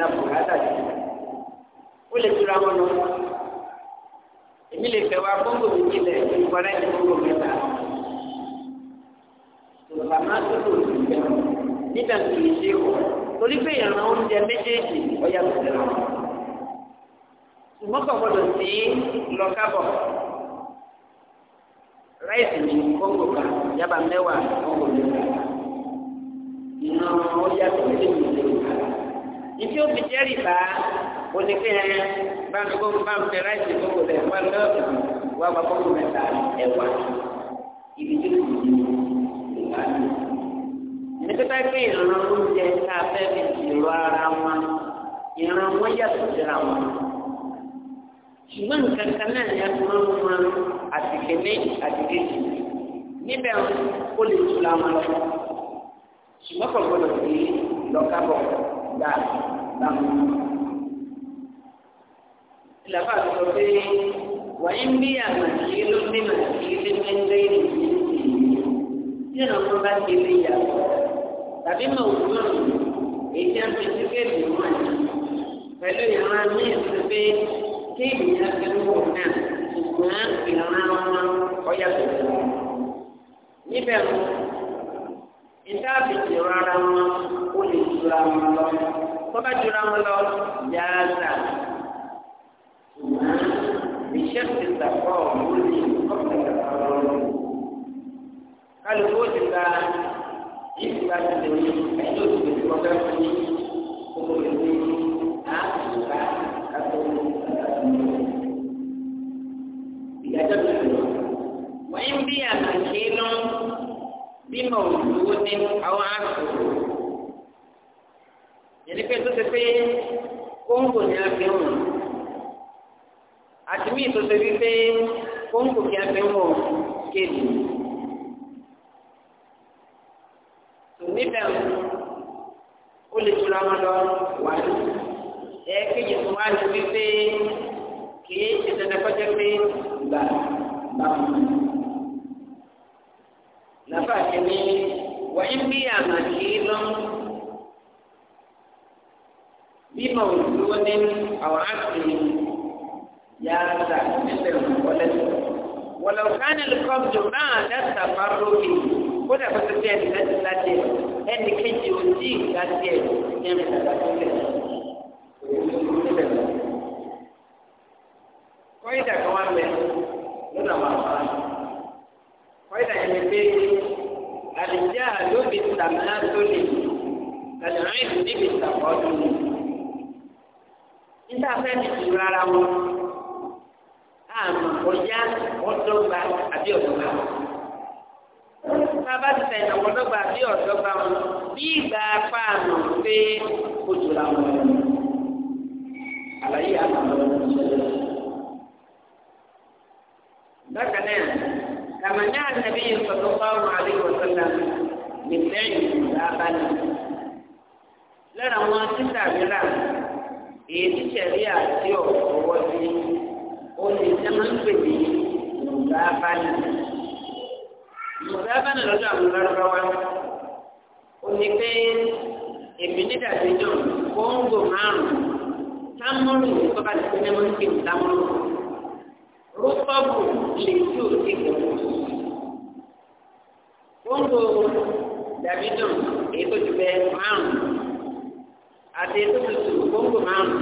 la bùkátà sí ó lè tura wọn lọ èmi lè fẹ́ wá kóńgò mi jìnlẹ̀ ìfọ̀rẹ́ ní kóńgò mẹ́ta tòlùbà máa tó lò ní ìgbà nígbà tó lè ṣe wọ torí pé ìrànà oúnjẹ méjèèjì ọ̀yà tó tẹ̀lé wọn ṣùgbọ́n kò gbọdọ̀ sí lọ́kàbọ̀ ráìsì ní kóńgò kan yaba mẹ́wàá kóńgò mẹ́ta ìrànà ọ̀yà tó tẹ̀lé wọn ìdí omi jẹ́ rìbá oníkéyẹ báńkì gbogbo báńkì ráìsì gbogbo rẹ̀ wá lọ́ọ̀dù wá wá gbogbo mẹ́ta ẹ̀wà ibi tó kù ní ìgbà mi. nígbà pé ìran oúnjẹ tá a fẹ́ fi ìrọ ara wọn ìran wọn yàtọ̀ síra wọn. ṣùgbọ́n nǹkan kan náà ni a ti máa ń mọ àtìkè ní àtìkè jù níbẹ̀ ó lè tu làwọn lọ. ṣùgbọ́n kò gbọdọ̀ sí lọ́kàbọ̀ láàrin láwọn. ìlàfà tó sọ pé wàyí ń bí àmàlí ló ń bí màlí ló ń gbé lẹ́yìn tí ìrìn àwọn bá ti lè yà tàbí mọ̀ òwúrọ̀ èyí tí a ń fi sí kéèdì wọn pẹ̀lú ìran ní ìsìn pé kéèdì yẹn fi ń wọ̀ náà ṣùgbọ́n ìran wọn ọ̀yà tó níbẹ̀ wọn ìdá àbìtì rárá wọn ó lè jura wọn lọ bọ́bá jura wọn lọ yáàzà iṣẹ́ ti dàpọ̀ lórí ọ̀pọ̀lọpọ̀ ọ̀rọ̀ kálukú ó ti gba yìí gba ti lè ní ẹjọ́ ìgbè tí wọ́n fún yìí kókó lè ní àtúntà kátó ìyájọ́ tó lọ. wọ́n ń bí àmàkí náà bímọ òdòwò ní àwọn àgbò yẹni pé tó ṣe pé kóńgò ni a fi ń wọn àti míì tó ṣe wí pé kóńgò kí a fi ń wọn kéèlì tò níbẹ̀ ó lè tura wọn lọ wà ní ẹ̀ẹ́kejì tó wá ní wí pé kì í ṣe kọjá pé gbà gbà ní wọ́n ń bí àmàlí lọ́nà bí màwùdúró ní àwọn àgbẹ̀ yá ta nílẹ̀ wọlé. ولو كان القبض بعد التفرق kódà kó tó tẹ ẹni láti láti ẹni kejì ò tí ì láti ẹ ní ẹni láti lẹ. kọ́ídà kan wá bẹ lọ́dọ̀ àwọn àbá kọ́ídà yẹn lè pé ló fi tàmínà tó lè kẹlẹ́rìn ìdí fi tàkọ́jú ni. níta fẹ́ ti tu rárá wọn àmọ́ ọjà ọdọ́gba àbí ọ̀dọ́gba. bàbá ti tẹ̀ ìnáwó ọdọ́gba àbí ọ̀dọ́gba wọn bí ìgbà fáànù pé ojú la wọn. àlàyé àmọ́ ọ̀dọ́gba ṣẹlẹ̀. bákan náà kàmáyà nàbí sallallahu alaihi wasallam nífẹ̀ẹ́ ìlú lábàlì. lára wọn títà mìíràn èyí tí sẹ̀rí àti ọ̀wọ́ sí ó lè jẹ́ máa ń pè ní lábàlì. lábàlì lọ́dọ̀ àwọn lọ́dọ̀ wa ó ní pé èmi nígbà tí jọ kóńgò márùn támúrù tó bá ti fi ní mọ́tì támúrù rúpọ́bù lè tí ò ti gbẹ̀wò kóńgò dàbí èyí tó ti bẹ márùn àti èyí tó ti tù kóńgò márùn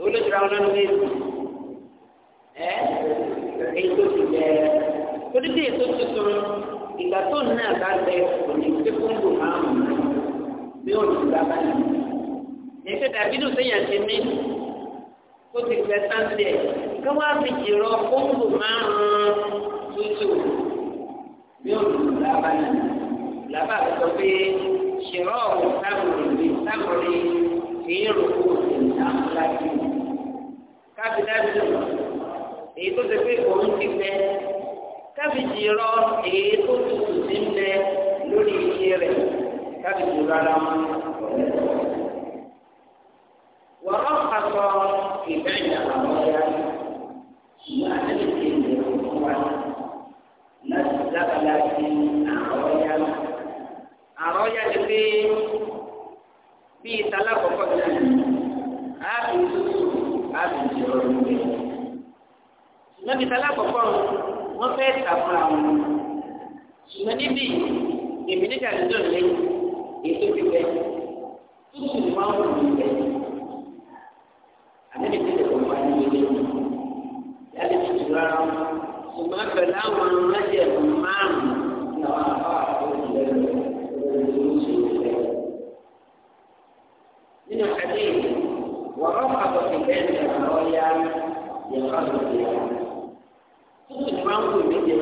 èyí ló ti ra ọlọ́run ní èyí ẹ èyí tó ti bẹ torí èyí tó ti tù ìgbà tó ní àgbà bẹ òní kóńgò márùn òní ìgbà èyí tó àti tó ti kí fi kóńgò márùn òní ìgbà làbà sọ pé ṣèrọ ọ̀hún sábòrò ní sábòrò kìí rògbò ìdáhùnlájú kábídájú èyí tó ti pé òun ti bẹ kábíjì rọ èyí tó tutù ti ń bẹ lórí iṣẹ́ rẹ̀ kábíjì rárá wọn. níbi tálá kọ̀kọ́ wọ́n fẹ́ tà fún àwọn ṣùgbọ́n níbi èmi níta ló dùn lé ètò ìbẹ̀ tútù ni wọ́n wọ̀ níbẹ̀ àti níbi tẹ̀lé kọ̀kọ́ àti ìwé yálé tutù rárá ṣùgbọ́n pẹ̀lú àwọn ọmọdé ẹ̀kọ́ márùn-ún ní àwọn àbá àwọn ìlẹ̀ nínú àdéhùn wọ́n rọ́pàá tó fi bẹ́ẹ̀ ní àwọn ọ̀yá yẹn lọ́dún ìyá tó sì máa ń wò mí jẹ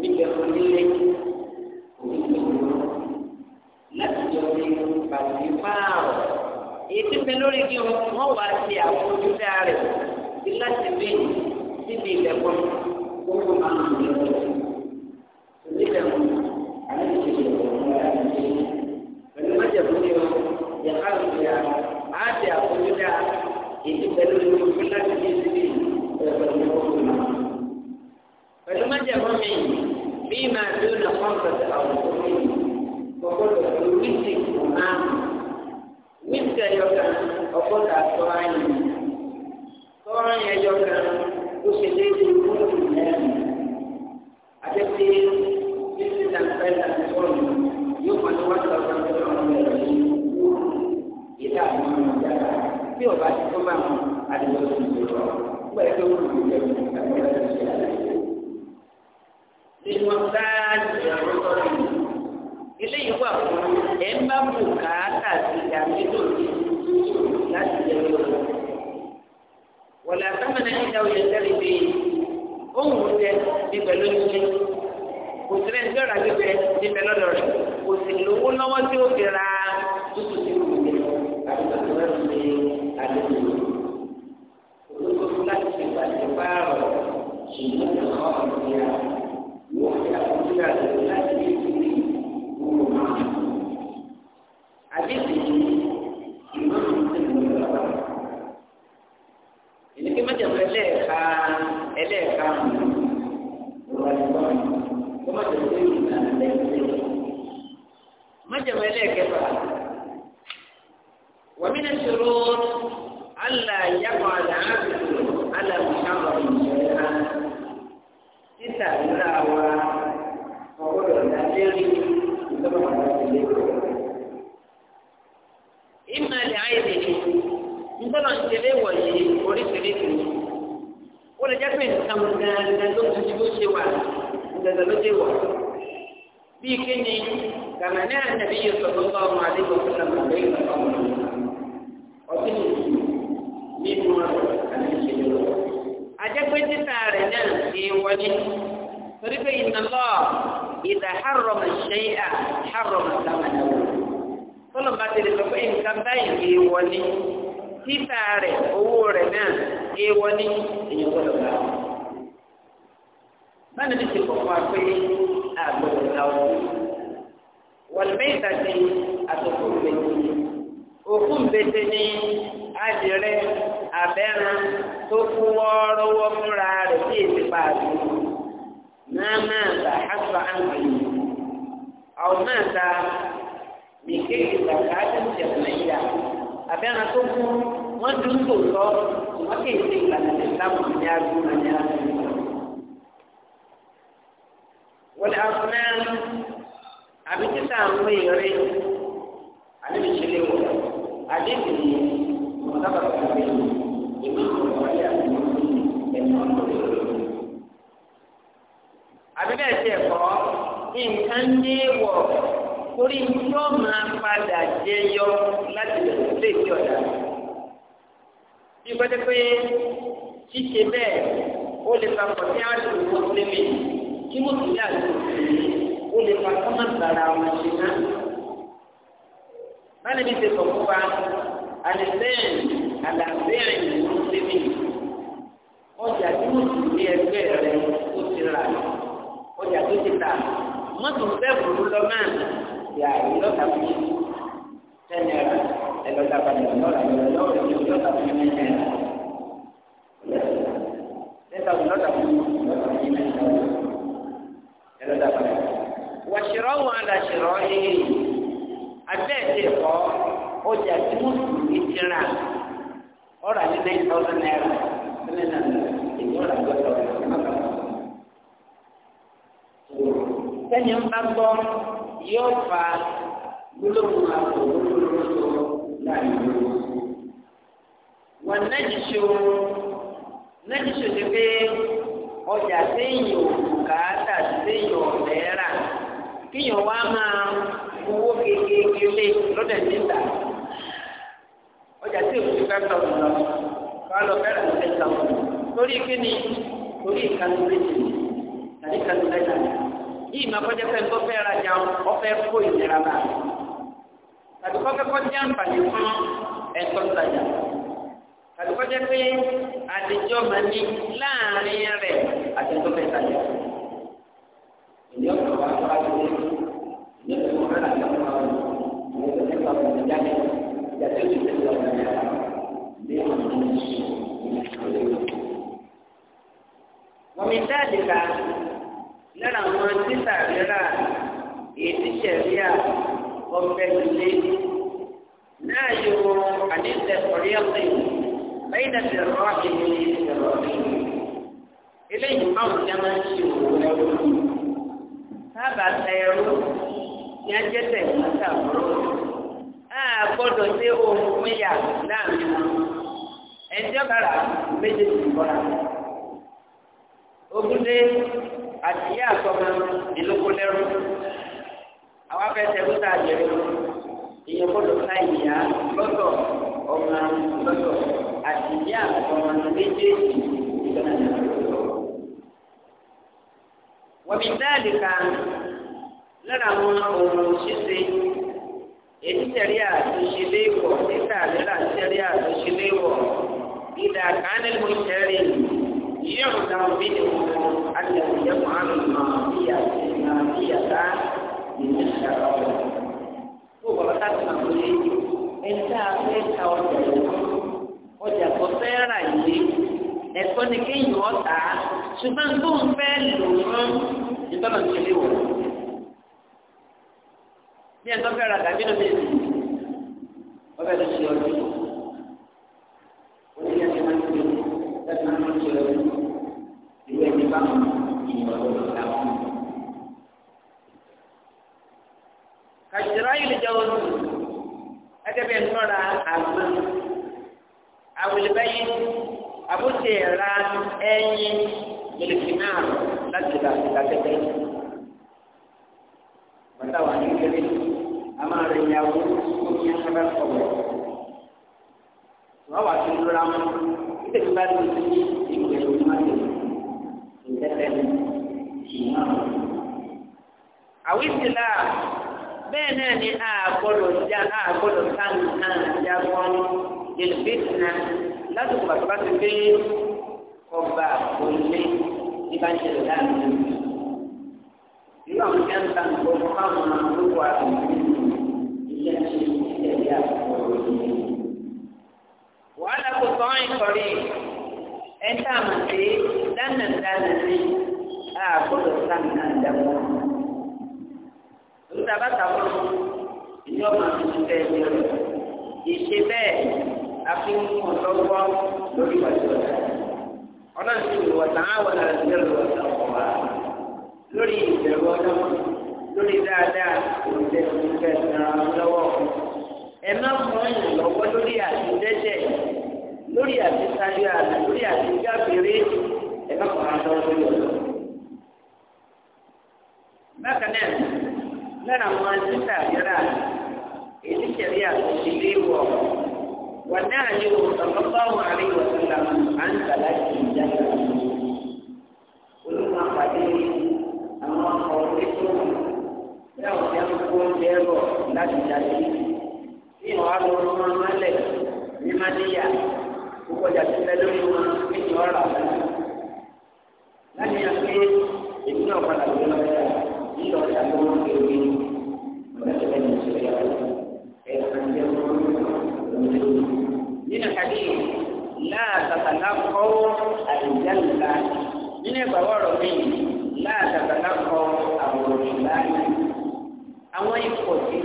mí jẹ fún nílé òní tó wù ú láti jọ ní bàbí fáàrọ̀ èyí tí bẹ lórí kí wọ́n wá sí àwọn ojúdá rẹ̀ sí láti bí síbi ìlẹ̀kùn gbogbo máa ń lò lọ́wọ́ onílẹ̀kùn àti ìṣẹ̀lẹ̀ ọ̀gbọ́n àti ìṣẹ̀lẹ̀ pẹ̀lú májèlú ni ó yẹ ká lè fi àrà á ti àkójúdá èyí pẹ̀lú ìlú láti bí síbi ìlẹ̀kùn pẹ̀lú májèmọ́ mi bí màá tó nà kọ́ńtàtì àwọn òkúmi kọ́kọ́tà oríṣi kùnà wíṣí ẹ̀yọ kan ọ̀kọ́tà àtọ́ra yìí tọ́ra yẹn ẹ̀yọ kan ó ṣe déédéé fún ìlẹ́yìn àti pé wíṣí nàìjíríà nàìjíríà sọ̀rọ̀ yóò pàdé wá sọ̀rọ̀ lọ́wọ́ ọ̀rọ̀ yìí ìdá àwọn ọmọ ìjàmbá tí ọba ti tó máa mú àdìgbò sọ yìí eléyìí wà fún ẹ ń bá mú kàákà sí ìdààmú tó ti láti jẹ lórí. wọ́n lè sábà náà ń dáwọ́ yẹn sẹ́lẹ̀ pé ohun tẹ ní pẹ̀lú nílé kò sí lẹ́yìn tí ọ̀rọ̀ àgbẹ̀fẹ́ ní pẹ̀lú ọ̀dọ̀ rẹ̀ kò sì lówó lọ́wọ́ tí ó fi tútù sí ìlú rẹ̀ àti tọ́jú rẹ̀ sí àdéhùn. olùkọ́ fún láti ṣègbà ṣègbà rọ̀ ṣùgbọ́n ọ̀rọ̀ ìyá rẹ̀. ومن الشرور ألا يقع العبد على tọ́lọ̀ ń ṣe léwọ̀ yìí oríṣiríṣi ó lè jẹ́ pé nǹkan gangan ló ti bó ṣe wà gangan ló ṣe wà bíi kí ni kàmá ní ànàbí yìí sọ̀rọ̀ lọ́wọ́ ọmọ àdébò fún ọmọ àgbẹ̀ ìgbà ọmọ ọtí nínú àti ìṣẹ̀lẹ̀ lọ. àjẹpẹ́ títà rẹ̀ náà ti wọlé torí pé iná lọ ìdá hárọ̀mà ṣe à hárọ̀mà sàmàlà tọ́lọ̀ bá ti sọ pé nǹkan báyìí títà rẹ̀ owó rẹ̀ náà èèwọ̀ ní èèyàn gbọ́dọ̀ gbà. báyìí ní ti kọ̀ọ̀kan pé àgbọ̀dọ̀ la wọ̀ wọ́n mẹ́ta ti àtọ̀kù mẹ́tì òkú mbẹ́tẹ́ ní adìrẹ abẹ́ran tó kú wọ́ọ́rọ́wọ́ fúnra rẹ̀ bí èsì pààlú náà máa àwọn ta àbẹ́rẹ́ tó kú wọ́n dún tò lọ wọ́n kì í ṣe ìlànà ìsìlámù ní agbó náà ní agbó. wọ́n lè afọ náà àbí títà àwọn èrè àdébí ṣe lè wọ̀ àdébí wọ́n dábàá tó kàwé ìwé ìwọ̀n wáyé àti ẹ̀fọ́ tó lè lò. àbí bẹ́ẹ̀ tiẹ̀ kọ́ nǹkan dé wọ̀ torí yóò máa padà jẹyọ láti lè fi ọ̀dà. bí pẹ́tẹ́ pé ṣíṣe bẹ́ẹ̀ ó lè fa kọ̀tí àdúgbò mọ́tòlémì kí mọ́tòlé àdúgbò ó lè fa kọ́mọ́ gbàrà àwọn ṣe náà. báyìí ní ṣe sọ̀kú wa àlẹ́sẹ̀yìn àlàsẹ̀yìn mọ́tòlémì ọjà tí mọ́tòlé ẹgbẹ́ rẹ̀ ó ti rà ọjà tó ti tà mọ́tò bẹ́ẹ̀ bùrú lọ́mọ́ ya ìlọ tàbí ten naira ẹlọ tàbí ẹlọ tàbí ẹlọ tàbí ẹlọ tàbí ẹlọ tàbí ẹlọ tàbí ẹlọ tàbí ẹlọ tàbí ẹlọ tàbí wàṣírọ́ wọn àdàṣírọ́ yìí abẹ́ẹ̀dẹ̀ kọ́ ọjà tí wọ́n tún ní tìrà ọ̀rọ̀ àti nine thousand naira sílẹ̀ náà ìjọba àgbẹ̀tọ̀ ọ̀rọ̀ sẹ́yìn ń bá gbọ́. yóò fa gbólóhùn àpò gbólóhùn ụlọ lówó. wọ́n nẹ́jì ṣo nẹ́jì ṣo ti pé ọjà séyìn òkúkàtà séyìn kíyàn wá máa owó kékeré lé lọ́dẹ̀ níta ọjà tí èkó ti fẹ́ tọ̀ lọ kọ́ lọ fẹ́ràn ti fẹ́ tọ̀ lórí kíni lórí ìkànnì méjì yìí máa kọjá pé nǹkan fẹ́ rajà ọ̀fẹ́ kó ìlera bá tàbí kọ́fẹ́ kọjá àǹfààní fún ẹ̀tọ́ ìtajà tàbí kọjá pé àdéjọ́ máa ní láàárín rẹ̀ àti ẹ̀tọ́ ìtajà. àwọn títà rírà èyí sẹ̀ríà ọ̀fẹ́lélé náà yóò àdéhùn ẹ̀kọ́rí ọ̀sẹ̀ lẹ́yìn tẹ̀sí ọ̀rọ̀ àkẹ́kẹ́ ìṣẹ̀rọ̀ eléyìí báwọn ní máa ń ṣe òwò ẹrú sábà ẹrú ní a ṣe ohun wọn kára méjèèjì àtìyé àtọ́mọ ìlúkú lẹ́rù àwọn afẹ́sẹ̀ ló dà jẹ́ ìyẹn kó ló ká ìyá lọ́tọ̀ ọmọ lọ́tọ̀ àtìyé àtọ́mọ méjèèjì ìjọba náà lọ́tọ̀. wọ́n dáàlì ka lára àwọn ohun ṣíṣe èyí tẹ̀lé àtúnṣe léèwọ̀ títà lẹ́la tẹ̀lé àtúnṣe léèwọ̀ ìdàkánilmù tẹ̀lé ìlú. يعلم منه أنه يفعل المعصية المعصية من الشرع هو ختم عليه أنت أفيت وجهه وجهه فيرا يليه ẹ̀kọ́ ni kéèyàn ọ̀tá ṣùgbọ́n tó ń fẹ́ lò wọ́n ìtọ́nà ìṣẹ̀lẹ̀ wọ̀. bí ẹ̀ ń fẹ́ ra tàbí lómi ìsìn ọbẹ̀ tó ṣe ọdún. máa ń ṣe ọdún ìlú ẹni báwọn ìwà lọ́wọ́ làwọn. kàṣírọ́ ìlẹ̀jọ́ oṣù ẹgbẹ́ bẹ́ẹ̀ nọ́ra àgbọn àwòlẹ́bẹ́yìn àbúṣe ẹ̀ra ẹ̀yìn mílíkì náà láti ra ìdákẹ́kẹ́. bàtà wà ní kéré àmà rẹ̀ ìyàwó tó ní ẹ̀ka bá kita kembali ke sini ibu dan rumah ini kita dan imam awisilah bẹ́ẹ̀ náà ni a gbọ́dọ̀ já a gbọ́dọ̀ sáàmì náà já wọn yẹlẹ bẹ́ẹ̀ náà lásìkò bàtà bá ti dé ọba òní nígbà ń ṣẹlẹ̀ láàrin ìlú àwọn kẹ́ńtà ń gbọ́ fáwọn olùkọ́ àti ìṣẹ́ ṣe. kò sọ ọ́n ìkọ̀rí ẹ̀ ń tààmù sí dánadáná ní àgbọ̀dọ̀ sáńdáńdá wọn. Òṣìṣẹ́ àbátáwọ̀ ìjọba tuntun bẹ́ẹ̀ ni ọ̀rọ̀. Ìṣe bẹ́ẹ̀ àfihàn ọ̀dọ́gbọ́n lórí wàjú ọ̀dà. Ọlọ́run ti wọ̀ sàáwọ̀ náà ti lọ́rù ọ̀dà ọ̀wà. Lórí ìbẹ̀rù ọdún, lórí dáadáa, òṣìṣẹ́ òṣìṣẹ́ ìrànlọ́wọ́. Ẹ má fún ọ̀yàn lọ́wọ́ lórí àtúndẹ́jẹ̀ lórí àtìsáyé àlè lórí àtìjáfèrè ẹ̀fọ́ kan àti ọdún yọ̀ọ́. bákan náà lára àwọn títà àbíọ́rà èyí ṣẹ̀rí àtúnṣe lé wọ̀ wà náà ní sallallahu alaihi wa sallam à ń tà láti ìjà olùmọ̀ àpàdé àwọn ọkọ̀ orí tó wù láwọn ọ̀dẹ́ ń kó oúnjẹ rọ̀ láti jáde bí wọ́n á lọ rán mọ́lẹ̀ ní mádìyà gbogbo ọjà tí ń bẹ lórí wọn méjì ọ̀rọ̀ àwọn ọ̀la láti yàn pé èmi náà padà lọ lọ́jà yìí ọjà tó ń gbé omi ọ̀la tó bẹ ní ìṣẹ̀lẹ̀ yàrá ẹ̀ àti ẹ̀kọ́ ọ̀la nínú kàdé láà tàtàlá kọ́ àìjálùlá nínú ìgbàwọ́ ọ̀rọ̀ mi láà tàtàlá kọ́ àwòrán ìlànà àwọn ikọ̀ tí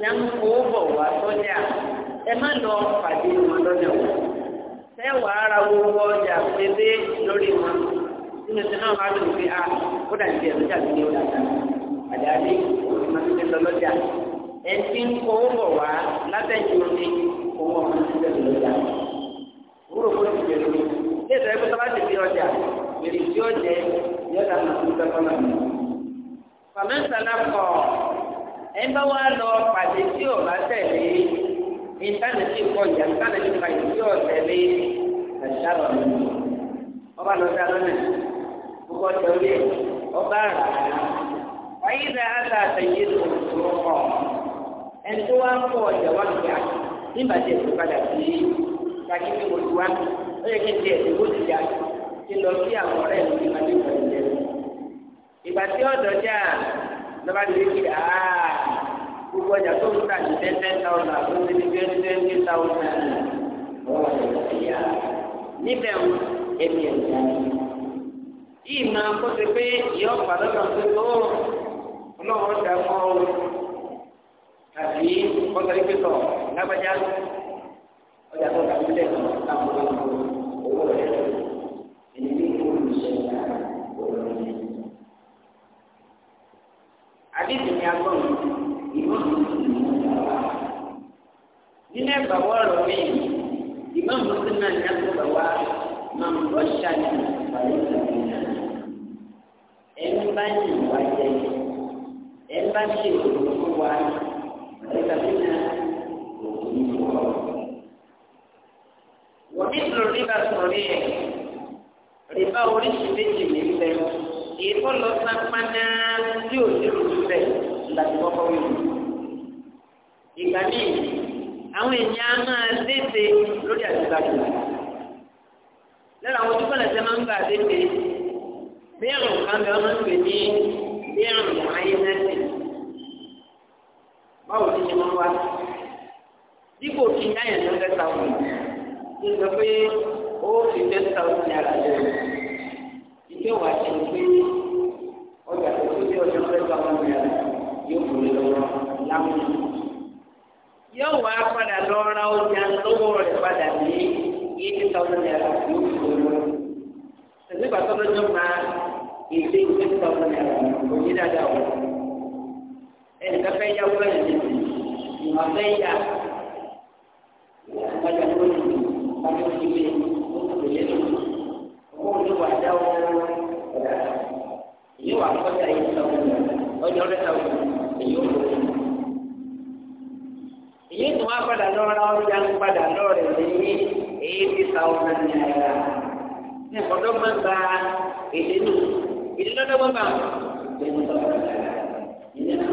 ní àwọn kówó bọ̀ wá sọ́jà ẹ má lọ pàdé wọn lọ́jà wọn. ṣé wàá ra gbogbo ọjà pépé lórí wọn nínú ti náà wàá lòdì pé a ah, ó dà níbi ẹ̀rọjà tó ní ó dàgbà àdáyé òun máa ń gbé lọ lọ́jà ẹ ti ń kówó bọ̀ wá látẹ̀jú ní owó ọmọ ti gbé lọ́jà wúrò kó ti bẹ̀rẹ̀ mi ilé ìtọ́jú pé sábà ti ọjà èrè tí ó jẹ yọ̀dà máa ń gbé lọ́jà. Fàmẹ́sàn-án kọ̀ ẹ bá wá lọ pàdé tí ò bá tẹ̀lé ìtànìtì kọjá ìtànìtì pàdé tí ò tẹ̀lé ẹ̀ṣá lọ nù. ọba lọ sí alọ́nà gbogbo ọjọ́ orí ẹ̀ ọba rà á. wáyé rẹ̀ á ta àtẹ̀yé lòkùnrin ọkọ̀ ẹni tó wá ń kó ọjà wá gbà nígbà tí èso padà sí kàkí tí mo ti wá ó yẹ kí n ti ẹ̀sìn kó ti dà kí n lọ sí àwọn ọ̀rẹ́ mi nígbà tí mo ti ìgbà tí ọ̀dọ́ jà lọ́ba lè kí aa gbogbo ọjà tó ń ta ní ten ten thousand tó ń ní twenty twenty thousand lọ́wọ́ ẹ̀yà níbẹ̀ ń ẹ̀mí ẹ̀yà yìí máa kó ti pé ìyá ọ̀pá lọ́dọ̀ tó tó ọlọ́wọ́ dà mọ́ ọ tàbí ọ̀sẹ̀ ìpẹ́tọ̀ lágbájá ọjà tó dà sílẹ̀ láwọn ọmọ owó rẹ̀ ẹni ní kó lù sẹ́yìn láàrin òun ní àdéhùn ní agbọ́n ìmọ̀ nínú ẹgbà wọ́ọ̀rọ̀ mi ìmọ̀ mùsùlùmí náà ní agbọ́n wa máa ń bọ́ ṣáàlì ìpàdé ìpàdé náà. ẹni bá ní ìwà jẹ ẹni bá ṣe òkú fún wa ìpàdé náà òkú ní wọ́n ní sọ̀rọ̀ nígbà sọ̀rọ̀ yẹn rìbá oríṣi méjì ní bẹ́ẹ̀ èyí tó lọ sápáná tí ò ní ojú rẹ̀ láti kọ́kọ́ wí. ìgbà míì àwọn èèyàn á máa dédé lórí àtìgbàjò lẹ́nu àwọn ojú kọ́lẹ̀ tẹ́ máa ń gbà dédé bí ẹ̀rùn kan bẹ ọmọ ìwé ní bí ẹ̀rùn ayé mẹ́sìn báwo ni ṣe máa wá dípò kí yáyàn ló fẹ́ sáwọn ìgbà pé ó fi fẹ́ sáwọn ìyára jẹ́ tí ó wà ṣe pé ọjà tó tó dé ọjà fẹ́ gba wọn yàrá yóò kó lè lọ lámúlò. yóò wá padà lọ ra ọjà lọ́wọ́ rẹ̀ padà ní eighty thousand naira yóò kó lè lọ. tẹ̀sí bàtà lọ́jọ́ máa èdè twenty thousand naira kò ní dáadáa o. ẹnìkan fẹ́ yá wúlọ̀ yẹn ní ìwọ̀n fẹ́ yá ọjà tó ní ọjà tó ní ilé ọjà tó ní ilé ọjà tó ní ilé yóò wà kọjá yìí lọ́wọ́ ọjọ́ rẹ̀ lọ́wọ́ èyí ò lọ́wọ́. èyí tó wá padà lọ́ra ọjà ń padà lọ́rẹ̀ ní eighty thousand naira. ní ọ̀dọ́ máa ń gba èdè nù èdè lọ́dọ́ máa ń bá ìgbẹ́ni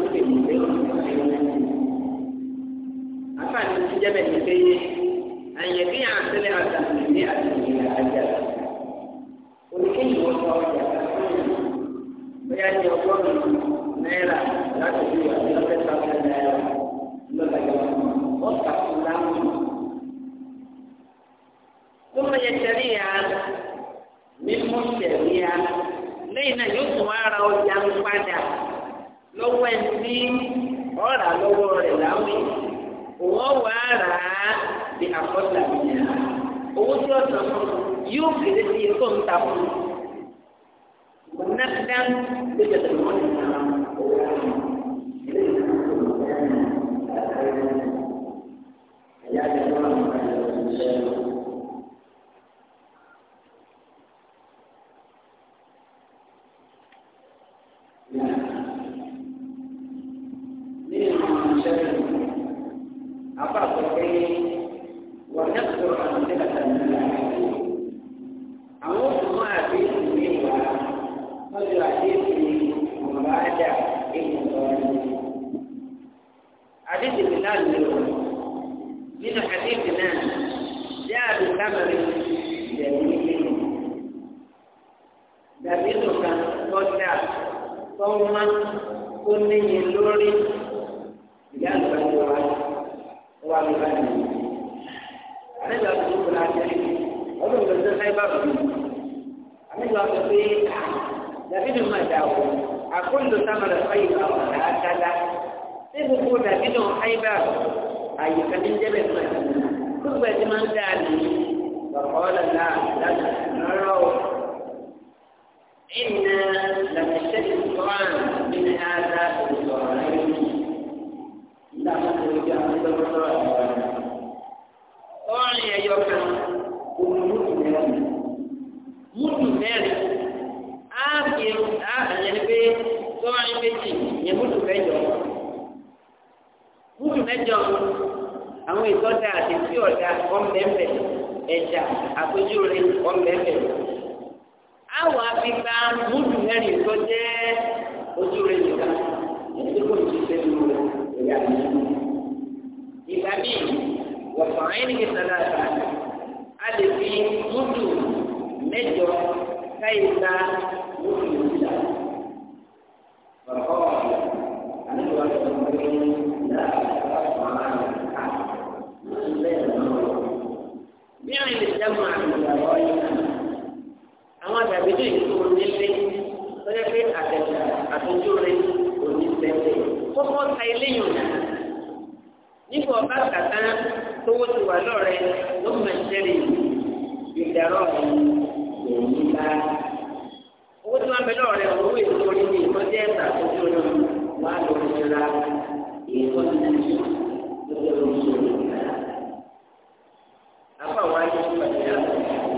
sọ̀rọ̀ ìdí náà ó lè mú pé ó ń bá ìwé náà. àfààní ti jẹ́ bẹ̀rẹ̀ pé àyẹ̀ bí àtẹlẹ́ àtàlẹ́ ní àtẹlẹ́ àjà. oníkéyìí wọ́n sọ ọjà bóyá ní ọgọ́rùn náírà láti fi ọ̀dọ́ ẹ̀ka náírà lọ́la yọ wọ́n kà fún láwọn. Gómìnà yẹn tẹ̀lé ya mímú tẹ̀lé ya lẹ́yìn náà yóò tún ara ọjà ń padà lọ́wọ́ ẹ̀ sí ọ̀rà lọ́wọ́ rẹ̀ láwìn. Òwò wà rà á di àkọ́tà yẹn. Owó tí ọ̀sán yóò fèrè sí ẹ̀kọ́ ń ta fún un. ونحن بجد المعنى Yeah, I don't know. ó níyì lórí ìyá àgbàdo wa wà ní báyìí. àlejò àti ìlú la jẹ́ ọdún ìgbésẹ̀ sáyébà bù mí. àlejò àti pé dàbí ni mà dà o àkóńdò sábàdà fáyì bá wà láàkàlà ní gbogbo dàbí ni àyíbá àyíká ní jẹ́lẹ̀ fún ẹ̀ gbogbo ẹ̀ ti máa ń dà ní ọ̀kọ́lá náà láti lọ́rọ̀ ìnà làmìṣẹ́ ìfọ̀ràn dáadáa tó sọ̀rọ̀ láyé yìí nígbà tó ti di àwọn ẹgbẹ́ tó sọ̀rọ̀ àwọn ọ̀rọ̀ rẹ̀. ọ̀rìn ẹ̀yọ kan òun mútu mẹ́rin mútu mẹ́rin á fi àyẹ̀ ni pé sọ́ọ̀rìn méjì yẹn mútu mẹ́jọ mútu mẹ́jọ àwọn ìtọ́jà àti tí ọ̀dà ọ̀mẹ́mẹ́ ẹ̀jà àpéjúre ọ̀mẹ́mẹ́ àwọn afi gba mútu mẹ́rin tó jẹ́ ojú rẹ̀ nìkan ẹni kò ní ṣe lu ìyá mi. ìgbà míì wọ̀ fún àyìn ní sàlá àgbà a lè fi múdù mẹ́jọ káyìí ta múdù ìlà. bàbá wa àti wàá lọ sọ pé láàbà wàá ká lẹ́yìn náà. bí lè dá mọ́ àgbà wọ́n yìí àwọn àgbàdo ìṣòro nílé sọ́yẹ́ pé àtẹ̀jà àtúntúre òní sẹ́sẹ̀ kókó ta eléyìí nà nígbà ọba kàtà tówó ti wà lọ́rẹ̀ ló máa ń jẹ́rìí ìdàrọ̀ òní bá owó tí wọ́n bẹ lọ́rẹ̀ owó èso orí ni ìkọ́jú ẹ̀ta àtúntúre wà lórí ìṣura ìkọ́jú ìṣura lórí ìṣura. Apa wajib bagi kita?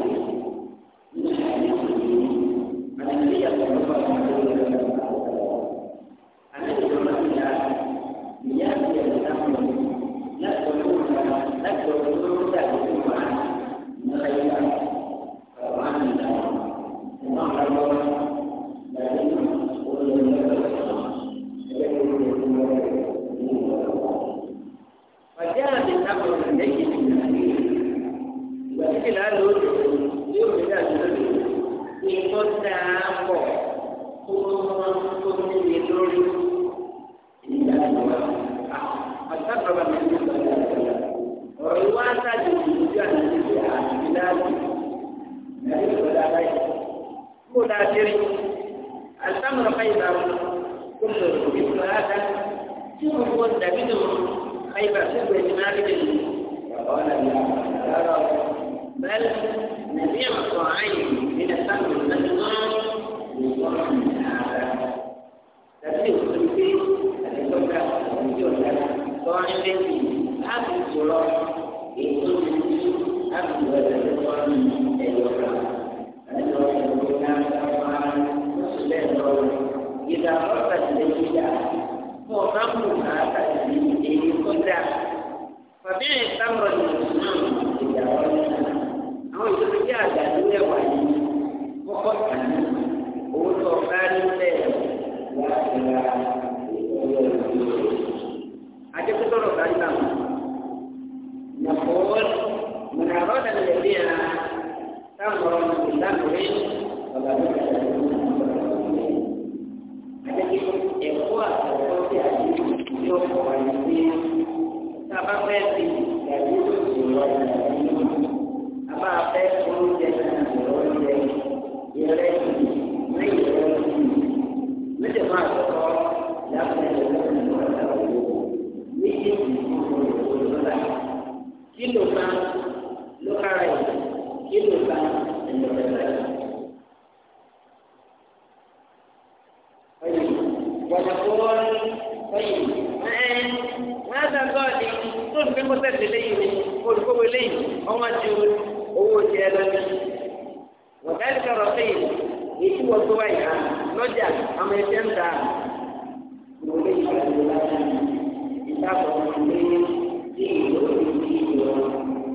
kilo kan ló kára yìí kilo kan ló kára yìí. wàlàkùnrin ọyìn ẹẹ wọn á sọ ọdí tó ń fi kọsẹ̀ tẹ́lẹ̀ yìí ni olùkọ́wé lẹ́yìn ọmọ ju owó ti ẹ lọ́dún. wọ̀gáàlì sọ̀rọ̀ sí yìí kí wọ́n tó wáyà lọ́jà àwọn ẹ̀jẹ̀ ń ta ìwọlé ìgbàlódé láti ìtàkùn ìgbéyìí.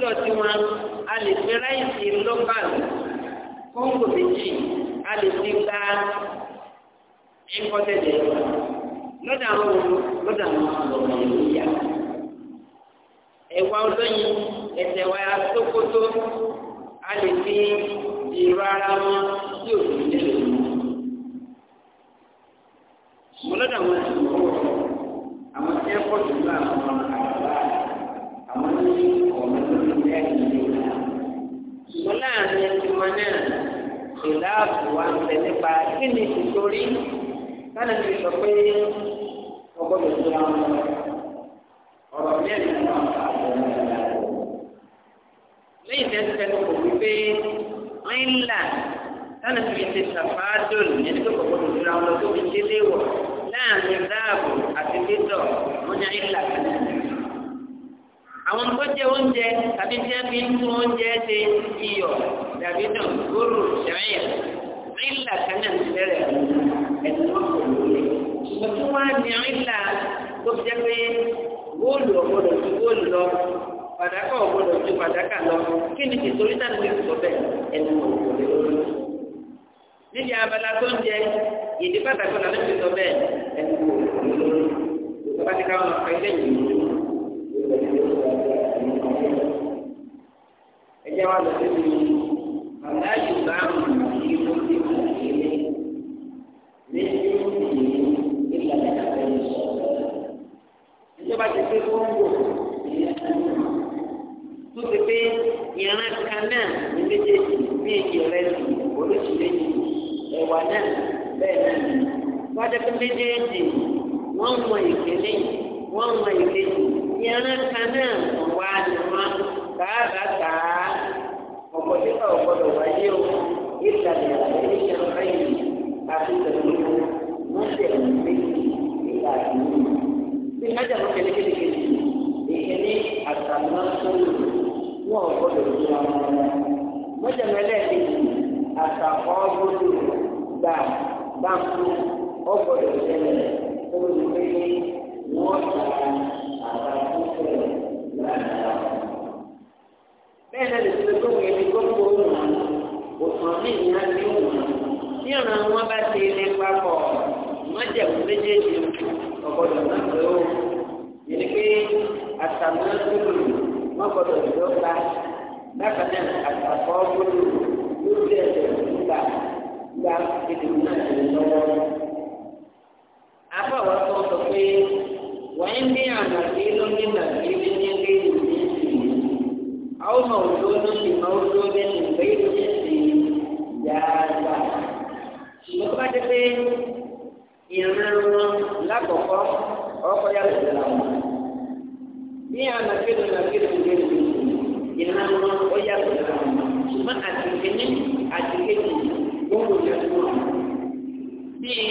lọ́dọ̀ tí a lè fi ráìsì lọ́kàn kóńgò méjì a lè fi gba ìkọ́tẹ̀lẹ̀ lọ́dọ̀ àwọn lọ́dọ̀ àwọn ìyá. ẹ̀wà ẹ̀sẹ̀ wa tókótó a lè fi ìrọ̀ ara wọn sí òkè lọ́dọ̀ àwọn àwọn àgbà àwọn ṣùgbọ́n láàrin ẹtì wọn náà ìlààbò wa ń bẹ nípa kí ni ìtòrí lánàá ti sọ pé ọgbọ́dọ̀ tó ra wọn ọ̀rọ̀ ní ẹ̀sìn náà àbọ̀ lẹ́yìn tẹ́sí tẹ́sí kò wí pé ńlá lánàá ti fi ṣàfáàdùn ẹni tó kọ̀ gbọ́dọ̀ tó ra wọn tó fi délé wọ̀ láàrin ìlààbò àti dídọ̀ wọn ní àwọn tó jẹ oúnjẹ tàbí tí wọ́n fi ń tún oúnjẹ ṣe iyọ̀ tàbí dùn gbòòrò ṣẹ̀yìn rílà kanáà ń bẹ̀rẹ̀ ẹ̀sùn ọ̀pọ̀ tí wọ́n á ní rílà tó jẹ́ pé góòlù ọ̀gbọ́dọ̀ ju góòlù lọ pàdákà ọ̀gbọ́dọ̀ ju pàdákà lọ kí ni tìtorí tàbí ní ìfọ̀ bẹ́ẹ̀ ẹ̀sùn ọ̀pọ̀ níbi abala tó ń jẹ ìdí pàtàkì ọ̀nà ló ti bẹ́ẹ̀ ẹ̀sùn ọ̀pọ̀ ẹjẹ́ wa lọ sí mi ọ̀la yìí bá mọ̀ ní ìlú tí mo ti lé ní ìlú tí mi ìlà ìlànà ìlú sọ̀rọ̀ ìjọba ti pé kóńgò tó ti pé ìran kan náà ní méjèèjì bí èdè rẹ sì oríṣiríṣi ẹ̀wà náà bẹ́ẹ̀ náà wájú pé méjèèjì wọ́n mọ ìkíní wọ́n mọ ìkejì ìran kan náà kò wá ní wọn bàbá tà á ọ̀pọ̀ títà ọ̀gbọ́dọ̀ wáyé o ìgbàlẹ̀ àti ìṣẹ̀lẹ̀ báyìí àti ìṣẹ̀lẹ̀ wọn tẹ̀lé méjì ìgbà àdúgbò. bí májà ló kẹ́lẹ́ kéde kéde ìkíní àtàwọn sọ́nù bẹ́ẹ̀ náà lè fi tó wọ ẹni gbogbo òun òsàn ní ìyá ní òun tí ọ̀nà wọn bá ti lè papọ̀ wọ́n jẹ̀wọ́ méjèèjì ọ̀gbọ́dọ̀ náà pé ó yẹ ni pé àtàwọn gbòòrò wọn gbọ́dọ̀ lọ bá bákan náà àtàkọ́ gbòòrò ló lé ẹ̀jẹ̀ nígbà gba ìdìbò náà lọ́wọ́. àbáwọ̀ tó sọ pé. وإني نذير للذين يريد مثلي أو مولود لمولود غير مثلي جازا mo bá dé pé ìran wọn lákòókò ọkọ yà lọ síra wọn ní ànàkédo nàkédo nàkédo ìran ó yà lọ síra wọn ṣùgbọ́n àtìkéde àtìkéde gbogbo ìyàtọ̀ bíi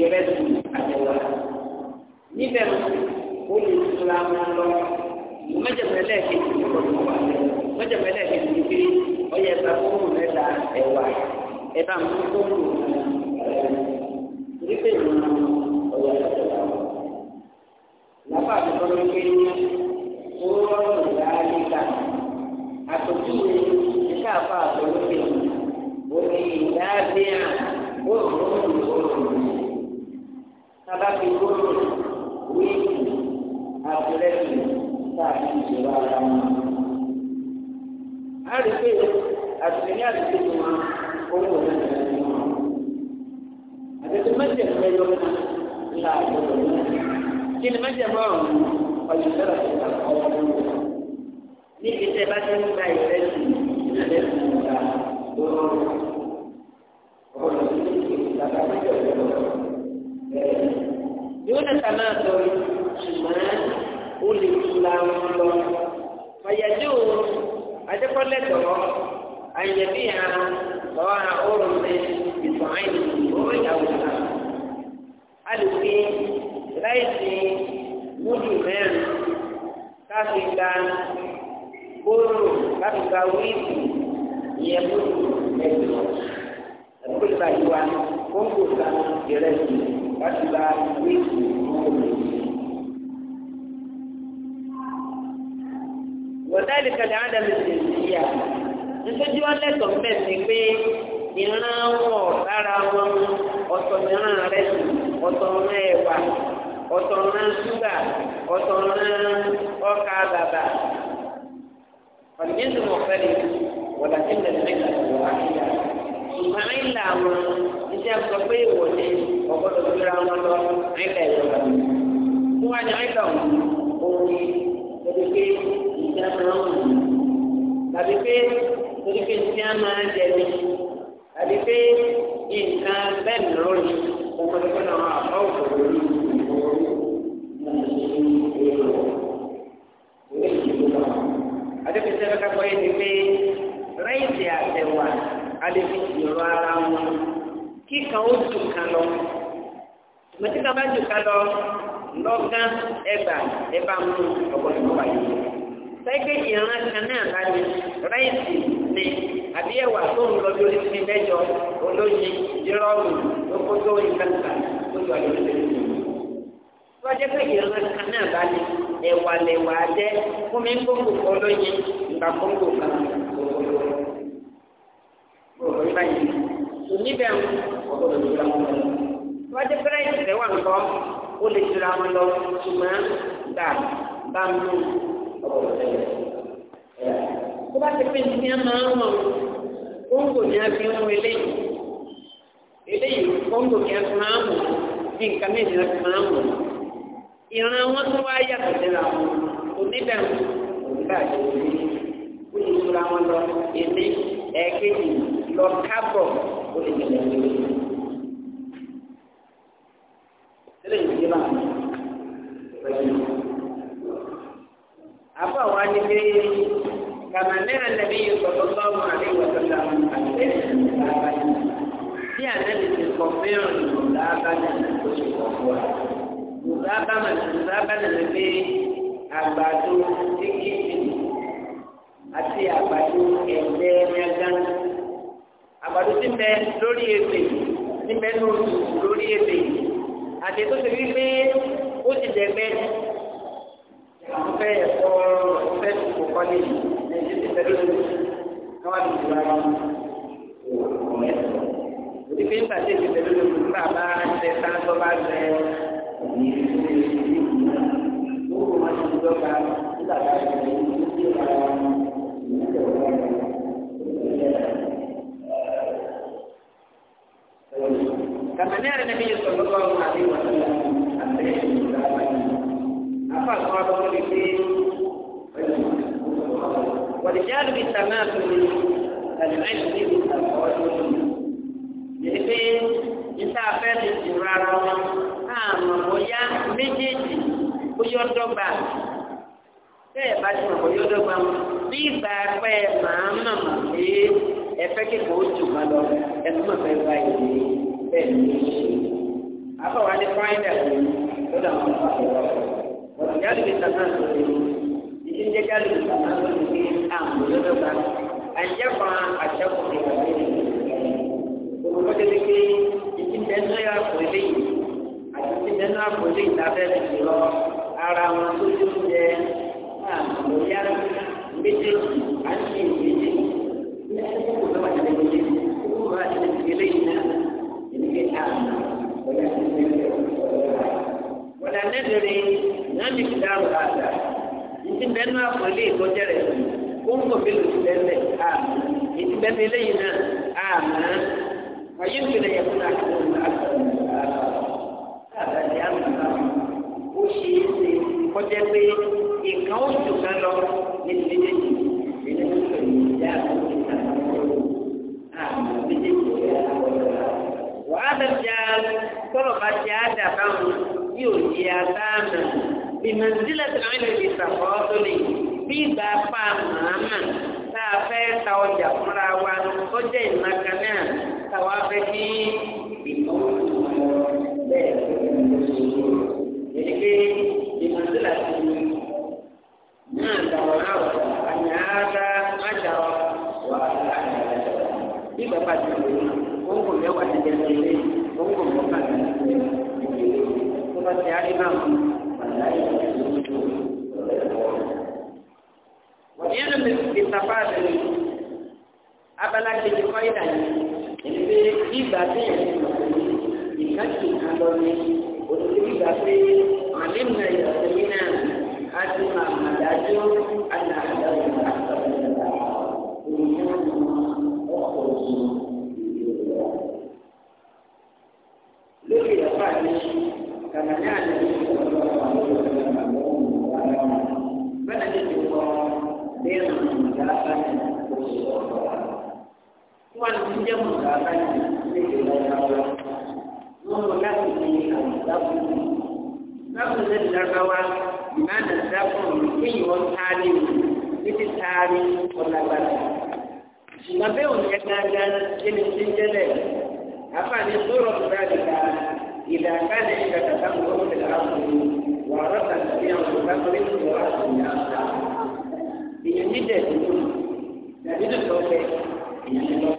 ìrẹsì àtẹwà níbẹ̀ ó lè tura wọn lọ mẹjẹmẹlẹ kejì ní kọtù wà mẹjẹmẹlẹ kejì ní pé ọyẹ ẹta fóònù ẹta ẹwà ẹta fóònù níbẹ̀ ní ọyẹ ẹta wà lápá àtúntò ní pé ó rọrùn láàyè ká àtúntò ìṣe àpá àtúntò òní ìdáàbíà ó rọrùn lóòrùn tábàbí lóòrùn wíìkì àtìlẹ́yìn tàbí ìṣòro ara wọn. a rí pé àtìlẹ́yìn àtìlẹ́yìn wọn owó rẹ̀ lẹ́yìn ní wọn. àtẹ̀tẹ̀ mẹ́jẹ̀mọ́ ẹ̀yọ́ kan ńlá àgbọ̀dọ̀ náà. kí ni mẹ́jẹ̀mọ́ ọ̀hún ọ̀yọ́ sọ̀rọ̀ sí ọ̀hún? níbi tẹ́ bá ti ń gba ìrẹsì ìrẹsì ìgbà. gba ìwé ìwúrò rẹ̀. wọ́dà ìdíkàlẹ̀ ádámù ṣe sí yà nítorí wọn lẹ́tọ̀ọ́ mẹ́sìn pé ìran wọn lára wọn ọ̀tọ̀ ìran rẹ̀ sì ọ̀tọ̀ ọ̀nà ẹ̀wà ọ̀tọ̀ ọ̀nà ṣúgà ọ̀tọ̀ ọ̀nà ọkà bàbà ọ̀nìyàn tó mọ̀ fẹ́ lè wọ̀dà tí ń bẹ̀rẹ̀ nígbà tó wà nígbà ṣùgbọ́n àìlà wọn tí a sọ pé ìwọ ni ọgbọ́dọ̀ tó ra wọn lọ àyíká ìjọba mi. Mo wá ní àyíká òun òun ni torí pé ìjà máa ń wù tàbí pé torí pé ìjà máa ń jẹ mi tàbí pé nǹkan bẹ́ẹ̀ ni lórí ọmọ tó fẹ́ náà àbá òkò lórí ìfowó adébísẹ́ bẹ́ẹ̀ ká gbọ́ yé ni pé rẹ́ìsì àtẹ̀wà adébísì rọ ara wọn kí kan ó dùn kan lọ mọtí kan bá dùn kan lọ lọ́gán ẹgbà ẹgbà mú ọgbọ́n tó wáyé sẹ́gbẹ́ ìran kan náà bá ní ráìsì ní àbí ẹ̀wà tó ń lọ lórí ní mẹ́jọ olóyin ìrọ̀rùn lókótó ìkàkà tó yọ lórí lórí lọ́jọ́ pé ìran kan náà bá ní ẹ̀wà lẹ̀wà jẹ́ fún mi gbogbo olóyin ìgbà gbogbo kan gbogbo lórí kò níbẹ̀ ń ọ̀gbọ̀dọ̀ jura wọn lọ. wọ́n ti fẹ́rẹ́ ìṣẹ̀lẹ̀ wà nǹkan ó lè jura wọn lọ ṣùgbọ́n gbà bá ń mú ọ̀gbọ̀dọ̀ tẹ̀lé. tó bá ti pín ní máa ń wọ̀n kóńgò ní a fi ń wọ eléyìí eléyìí kóńgò ní a máa ń wọ̀ bí nǹkan méjì náà fi máa ń wọ̀ ìran wọn tó wá yàtọ̀ síra wọn kò níbẹ̀ ń òǹkà ìṣòro yìí kó lè jura wọn lọ èmi ẹ̀ẹ́kejì lọ kábọ̀ ó lè jẹ́ ẹgbẹ́ rẹ̀. Tẹ́lẹ̀ yìí máa ń pẹ̀lú. Àbá wa ni pé kàmá náà nàbí ìsọ̀tọ̀tọ̀ ọmọ àdéhùn ọ̀tọ̀tà àti ìsọ̀tọ̀tà Bí ànábì ti kọ fẹ́ràn ìmọ̀lá abájà tó ṣe kọ̀ àgbàdo ti bẹ lórí ebè ti bẹ lórí ebè àti tó ti wípé ó ti dẹgbẹ fẹ ẹ̀kọ́ fẹ kò kọlé ẹ̀jẹ̀ ti bẹ lórí káwá ti di ara òbí fi ń pàṣẹ ti bẹ lórí nígbà bá tẹ sáńtọ́ bá gbẹ òbí fi ń pàṣẹ ti bẹ lórí nígbà bá tẹ sáńtọ́ bá gbẹ òbí fi ń pàṣẹ ti bẹ lórí nígbà bá tẹ sáńtọ́ bá gbẹ. كما نرى النبي صلى الله عليه وسلم أفضل قول الدين ولجانب التماثل العلم بالتفاضل لكي ìsáfẹ́ lè ti rárá wọn àmọ́ bóyá méjèèjì ó yọ dọ́gba bẹ́ẹ̀ bá ti mọ̀ bóyá ó dọ́gba wọn bí ìgbà pẹ́ màá mọ̀ pé ẹ̀fẹ́ kíkọ́ ó jù wọn lọ ẹ̀fọ́ mọ̀ fẹ́ báyìí bẹ́ẹ̀ ni ó ṣe. Àbáwá ní fáìdà kò lọ́dọ̀ àwọn ọmọ àgbà ọ̀rọ̀ jáde ní sàmà tó ṣe. Ìdí jẹ́ jáde ní sàmà tó ṣe pé àwọn olódò bá. Àìjẹ́ kan àṣẹ́kù ní ìgbàgbé ni. Olùkọ́ tẹ́lẹ̀ pé ìdí tẹ́nu yà kò lè àti ìdí tẹ́nu àpò lè dábẹ́ ti lọ ara wọn tó tó jẹ àwọn yára méjèèjì àti ìgbèjì. Ní ẹgbẹ́ kò lọ́wọ́ àti ìgbèjì, ó wà àti ìgbèjì wọ́n anẹ́dẹ̀rẹ̀ nání dáhùn àdá ìdí bẹ́ẹ̀ náà kò lè kọjá rẹ̀ kó ń kọ̀bí lù lẹ́lẹ̀ àmì ìdí bẹ́ẹ̀ bẹ́ẹ̀ lẹ́yìn náà àmì wáyé ń gbèrè yẹ fún àkàtúntò àgbàdì àmì ó ṣe é ṣe kọjá pé nǹkan ó jù kan lọ ní ti méjèèjì ìdílé ń pè ní ìdí àkókò ìtàkùn àmì méjèèjì wàhálà jáde tọ́lọ̀ bá ṣe á dà báwọn bí ò ṣe àtààmà ìmọ̀sílẹ̀ tí wọ́n lè fi ṣàkọ́ tó lè bí ìgbà pa màmá tá a fẹ́ ta ọjà fúnra wa ó jẹ́ ìmọ̀kan náà táwa fẹ́ kí ìtọ́wò bẹ́ẹ̀ èdè ìmọ̀sílẹ̀ tí náà dàwọ̀ náà wà ní àádá májà wà láàárín bí bàbá ti lè ní kò lẹ́wà ti jẹ́ sí ilé yìí tó ń gbòòrò ká ní ìgbèrè tó bá ti arí náà bàtà ìgbèrè tó ń gbòòrò. wọ́n yẹn lè sapá àbẹ̀rẹ̀ abala kejì kọ́ ìdá yìí ẹni pé ìgbà tí yẹn ti mọ̀ ìkàtì àlọ́ni òtún ìgbà pé àlẹ́ mìíràn ìyàtọ̀ náà á ti máa màdájú àti àdáwọ̀. عليه كما يعلم صلى الله عليه وسلم بل الاتصال بين المدافع والصلاة والمجمع المدافع لله نور لفظه الضبط لفظ اللغوة بمعنى الضبط من أي وحال níbi ọ̀làgbàdà ṣùgbọ́n bẹ́ẹ̀ òun yẹ gángan kí ni ti ń jẹ́lẹ̀ àfààní sọ̀rọ̀ ìgbàdìgbà إذا كان عندك تمر في الأرض وأردت أن تبيع بتمر وأردت من أرضها إن جدت لابد التوفيق إن الله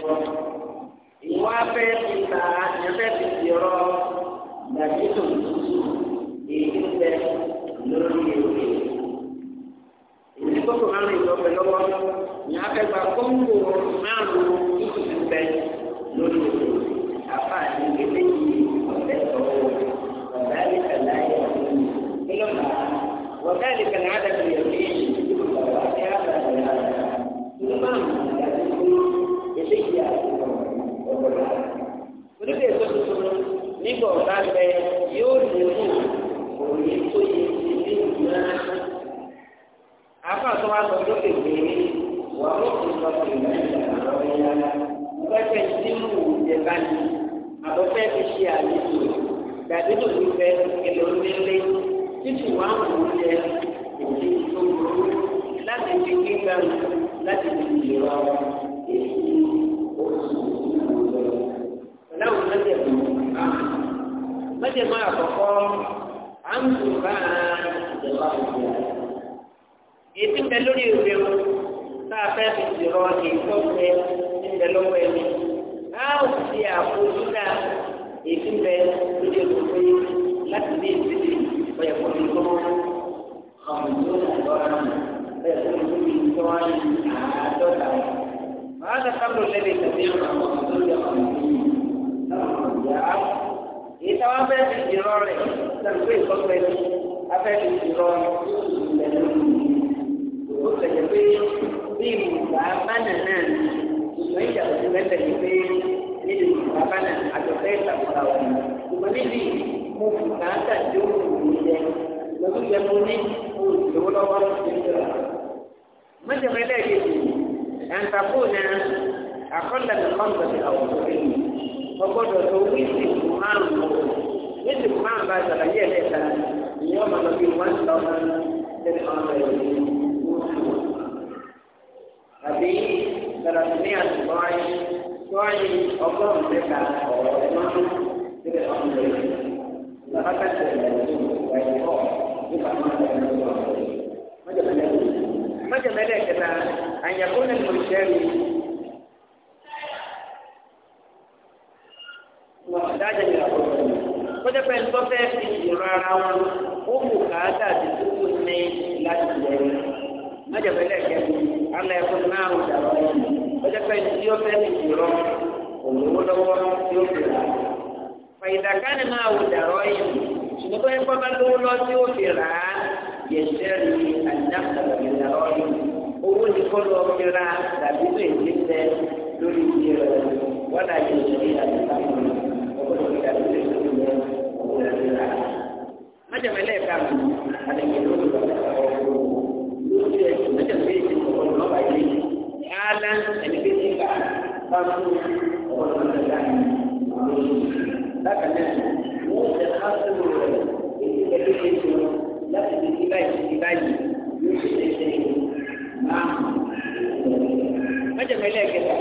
ìwáfẹ́ ìta ìyàfẹ́ ti di ọ̀rọ̀ dàbí tó ń tutù èyí ń bẹ lórí ewé. Èyí kókò máa ń rìn lọ pẹ̀lú ọwọ́ ìyàfẹ́ gba kóńgò márùn-ún tó ti bẹ lórí ewé. ọ̀gá lẹ yóò nínú òye tó yẹ ilé ìgbà. Afa tó wá sọ lókè pé wà ó ti sọ pé ìgbà àwọn ẹ̀yà pẹ́pẹ́ sínú òjẹ̀ báyìí àbọ̀fẹ́ ti ṣe àlejò gbàdé tó ti fẹ́ ẹlò nílé títí wà ń wò jẹ òjì tó burú láti fi gbígbà láti fi ìlera wọn. ìtumọ̀ àkọ́kọ́ àǹtò bá ìjọba òkú ètí ń bẹ lórí òde o tá a fẹ́ fi jùlọ ètò ọ̀fẹ́ ń bẹ lọ́wọ́ ẹni a ó fi àfojú dá ètí ń bẹ lórí òkú láti ní ìdílé ọ̀yẹ̀ kò ní kọ́ àwùjọ àgbọ̀ràn ọ̀yẹ̀ kò ní kọ́ ìjọ àádọ́ta. هذا الأمر الذي تبيعه الله èyí táwọn afẹ́ fi ìrọ̀ rẹ̀ lẹ́nu pé ìkọ́sọ̀ ẹni afẹ́ fi ìrọ̀ lẹ́nu ó tẹ̀lé pé bí ìmùbá bánà náà ìmọ̀ ìjà òsì mẹ́tẹ̀ ní pé níbi ìmùbá bánà àjọpẹ́ ìtàkùtà òun ìmọ̀ níbi mo fi kàńtà tí ó wù mí jẹ lọ́dún jẹ mo ní mo lówó lọ́wọ́ ní ìjọba. mọ́tẹ̀mẹ́lẹ́ kejì ẹ̀ńtàkùn náà àkọ́lẹ̀ nìkan gbọ̀dọ̀ àwọn òṣèlú ọgbọ́dọ̀ tó wíìsì márùn-ún wíìsì márùn-ún bá ṣàlàyé ẹ̀ lẹ́ta ìyẹn ọmọ lọ bí one thousand ten hundred àbí tàbí ní àtúntò ayé tó ayé ọgọ́rùn-ún mẹ́ta ọ̀rọ̀ ẹ̀mọ́tò tẹ̀lé ọ̀hún lẹ́yìn bàbá kàtẹ́ ẹ̀yìn ọ̀ nípa máa ń bẹ̀rẹ̀ lọ́wọ́ mọ́jọ̀mẹ́lẹ́ kẹta àyàkó nínú ìṣẹ́rìí. tó fẹ́ fi ìran ara wọn ó mú káàdà tí tó kù ní láti lẹ́yìn. májàbẹ́lẹ̀ kẹ́kẹ́ alẹ́ fún náà ń dàrọ ẹ̀yìn ọjọ́ pé tí ó fẹ́ fi ìran òwò lọ́wọ́ tí ó fi rà. fàyìdàkánì náà ń dàrọ ẹ̀yìn ṣùgbọ́n pé kọ́ba lówó lọ tí ó fi rà á yẹ̀ṣẹ́ rí àdìdàkàlà ìdàrọ ẹ̀yìn owó ní kọ́ lọ fi rà ẹlẹ́ẹ̀ka májàmú ẹlẹ́ẹ̀ka àlejò lórí lórí ẹ̀ májàmú ẹ̀jẹ̀ ọ̀pọ̀lọpọ̀ lọ́ba ilé yàrá ẹni bí ti gbà bá fún ọ̀pọ̀lọpọ̀ lọ́ba ilé bákan náà wọ́n ṣe káfíńsì rẹ̀ èyí ẹgbẹ́ ṣe tó láti fi ti báyìí ti báyìí yóò ṣe ṣe ṣe máa májàmú ẹlẹ́ẹ̀kẹta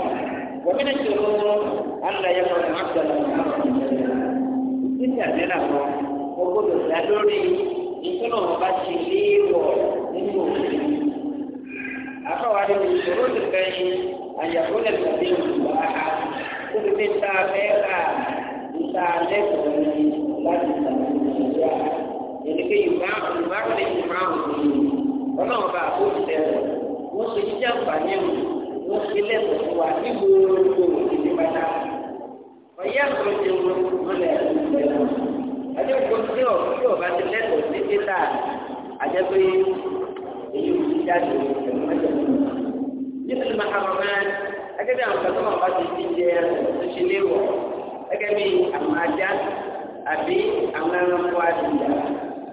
wọ́n mi ní ṣòro wọn àlàyé wọn àgbàlá wọn àti ìṣẹ̀lẹ̀ náà wọn mo gbọ́dọ̀ dá lórí ìtúnà ọba ti léèwọ̀ nínú òfin. Àfọwọ́ adé ìṣòro ti fẹ́yìn àyàwó lè tàbí olùwà á. Ó ti fi ta abẹ́ ká ìta lẹ́kọ̀ọ́ ní láti tàbí ìṣòro á. Ènìké Yorùbá Yorùbá kò lè ti máa wù mí. Ọlọ́run bá àbó ìṣẹ́ rẹ̀. Wọ́n ṣe jíjẹ́ àǹfààní mi. Wọ́n fi lẹ́kọ̀ọ́ fún wa ní gbogbo pátá. Ọ̀yẹ́ àkọ́jọ́ wọn lẹ̀ pé èyí ò ti jáde pẹ̀lú mẹ́jọ nínú ìlú mahamman akẹ́kẹ́ àwọn kan tó máa bá ti ti jẹ tó ṣe léwọ̀ gẹ́gẹ́ bí àwọn ajá àbí àwọn ẹranko àdìyà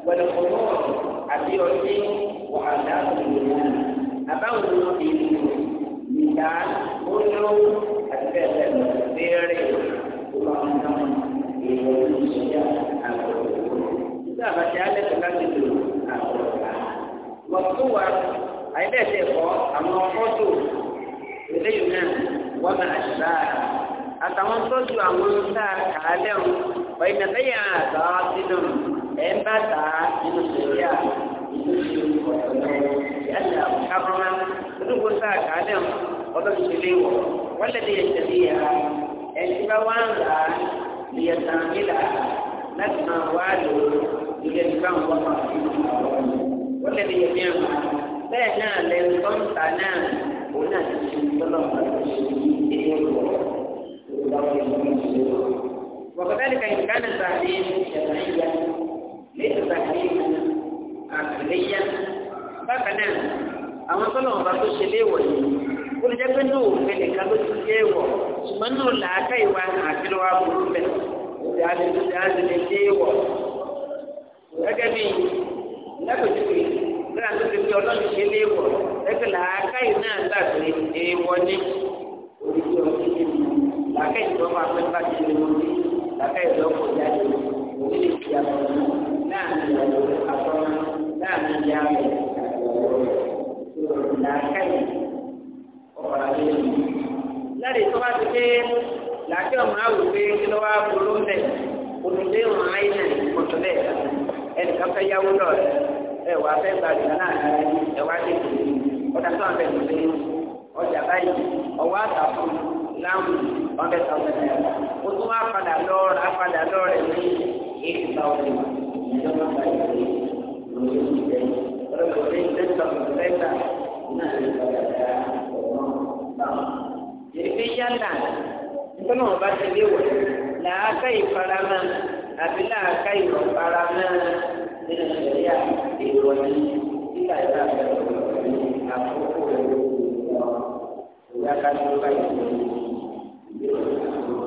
wẹ̀lẹ̀kọ̀ọ́ àbí ọtí wàhálà òmìnira àbáwọn ènìyàn nìyá olówó àti bẹ́ẹ̀ bẹ́ẹ̀ lọ béèrè tó máa ń tán èèyàn olùsọ̀yà àwọn nígbà àbàtì alẹ́ tó láti lò àwọn ọ̀gá wọ́n tó wà àyẹ̀bẹ̀sẹ̀ kọ́ àwọn fọ́tò eléyìí náà wọ́n máa ṣá àtàwọn tọ́jú àwọn tá a kà á lẹ́hùn wọ́n iná bẹ́yà àgbà sínú ẹ̀ ń bá tà á nínú sẹ̀ríà nínú ìlú ọ̀tọ̀ yálà kábọ́nà olùkó tá a kà á lẹ́hùn ọdún ìṣẹ̀lẹ̀ wọ̀ wọ́n lè dé ìṣẹ̀lẹ̀ yà ẹ̀ ti bá wá ń rà á ìyẹ̀sán nílà láti máa wá lò ó ìyẹ̀sán wọ́n lè yẹ ní àwọn bẹ́ẹ̀ náà lẹ́nu kọ́ńtà náà òun náà ti ṣe ìtọ́lọ̀ وكذلك إن كان التعليم شرعيا ليس تعليما عقليا فكان àwọn tọ́lọ̀ ọba tó ṣe léèwọ̀ yìí ó lè jẹ́ pé ní òfin nìkan ló ti léèwọ̀ ṣùgbọ́n ní òlàákà ìwà àfihàn burú bẹ̀ òdì àdìdì àdìdì léèwọ̀ gẹ́gẹ́ bí lábẹ́jú pé nígbà tó ti fi ọlọ́run ṣe lé wọ̀ ẹgbẹ́ làákàyè náà gbàgbé èèwọ̀ ní oríṣi ọdún yìí làákàyè tó máa pẹ́ bá ti lè wọlé làákàyè tó kọ̀ jáde òun lè fi àtọ̀ láàrin ìyàwó àtọ̀ láàrin ìyàwó làákàyè ọ̀pọ̀ àlejò láti tó bá ti pé làákàyè ọ̀mọ̀ àwùjọ kí ló wá polówó lẹ̀ ẹnìkan fẹ́ yáwó lọ rẹ ẹ wà fẹ́ gba ìgbà náà rẹ ẹ wá dé ìlú ọjà tó àbẹ̀ tó lé ọjà báyìí ọwọ́ àtà fún láwùn ọ̀dẹ̀ tàwọn ẹ̀ o tún wá padà lọ rà padà lọ rẹ ní èyí táwọn ìjọba bá yẹ lórí ìjẹ ọlọ́dọ̀ ní ilé ìtọ́jú lẹ́tà náà ní ìgbàlódé ọ̀gbọ́n náà. èyí fi yálà nígbà náà bá ti léwọ̀ làákà ìfaramọ́ àbí náà ká ìwọ̀n para náà nínú ìṣẹ̀lẹ̀ èrò ní nígbà ìlà ìbẹ̀rẹ̀ ní àkókò rẹ̀ lórí ìwọ̀n ìyá ká tó bá ìwọ̀n ìbéèrè àkókò.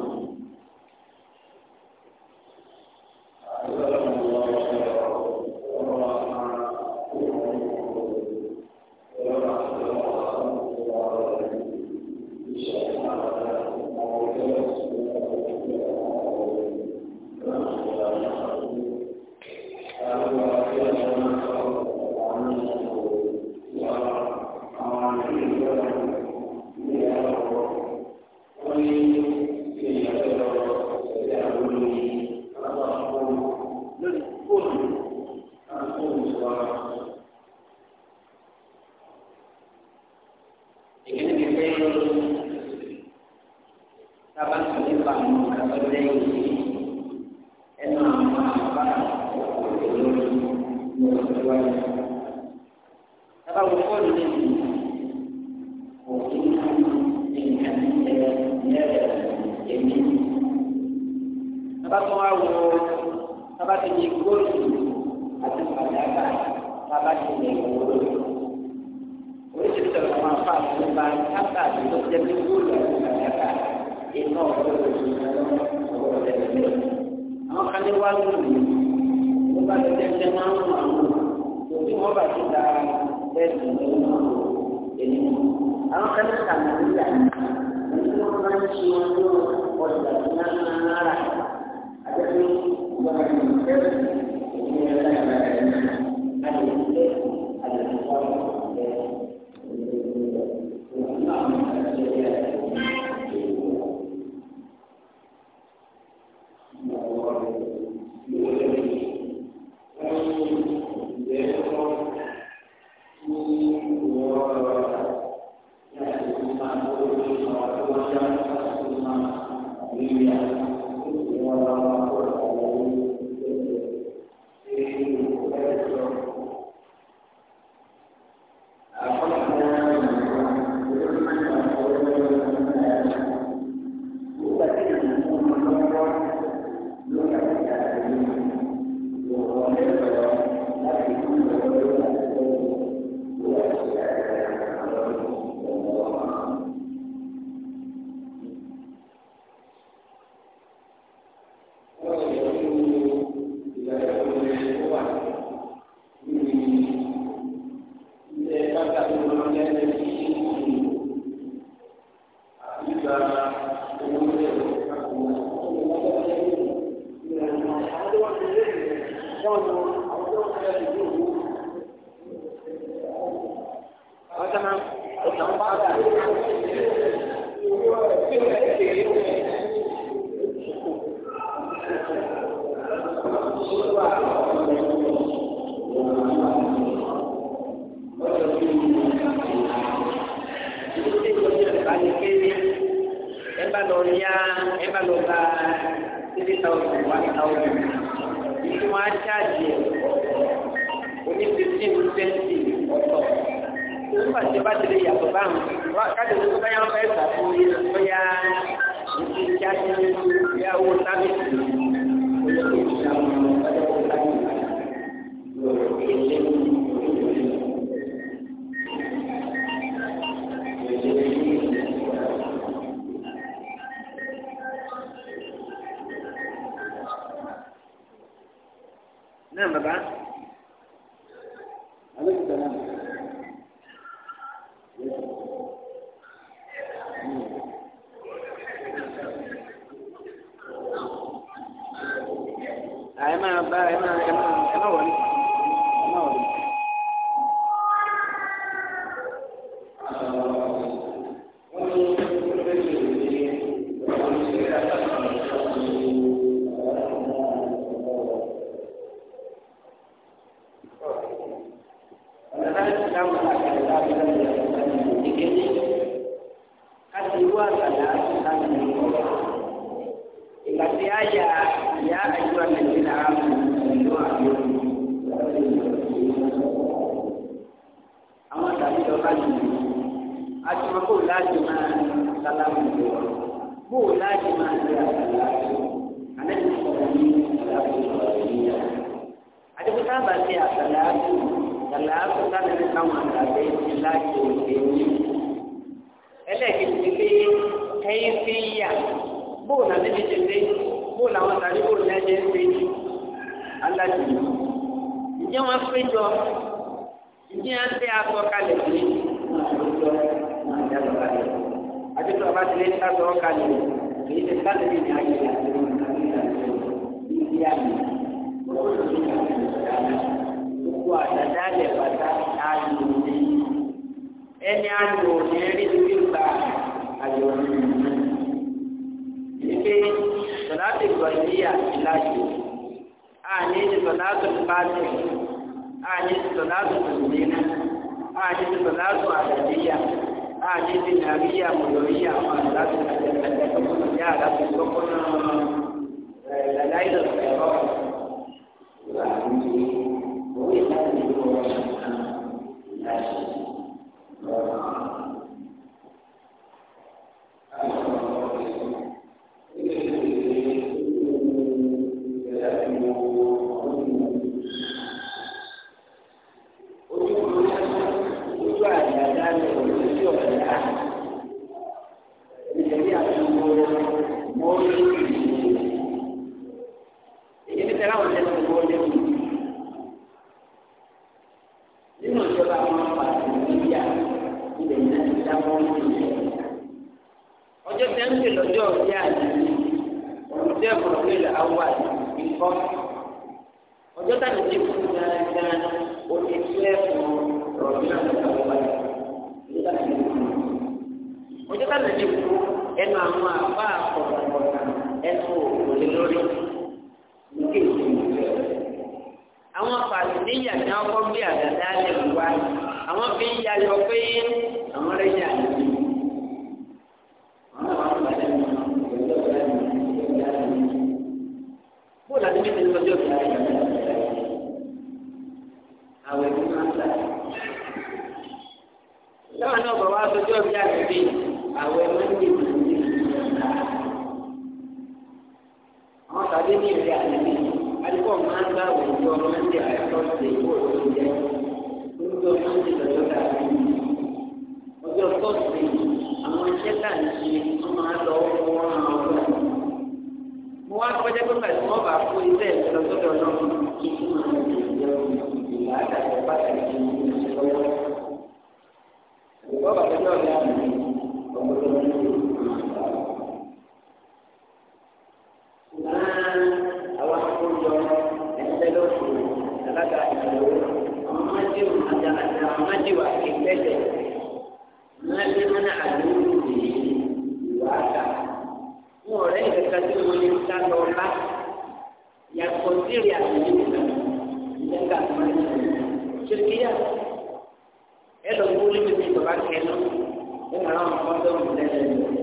嗯，拜拜。ṣèkìyà ẹ lọ gbólé bèbè bàbá kẹlẹ ó ń ra ọmọ ọdọ ọmọ lẹ́yìn.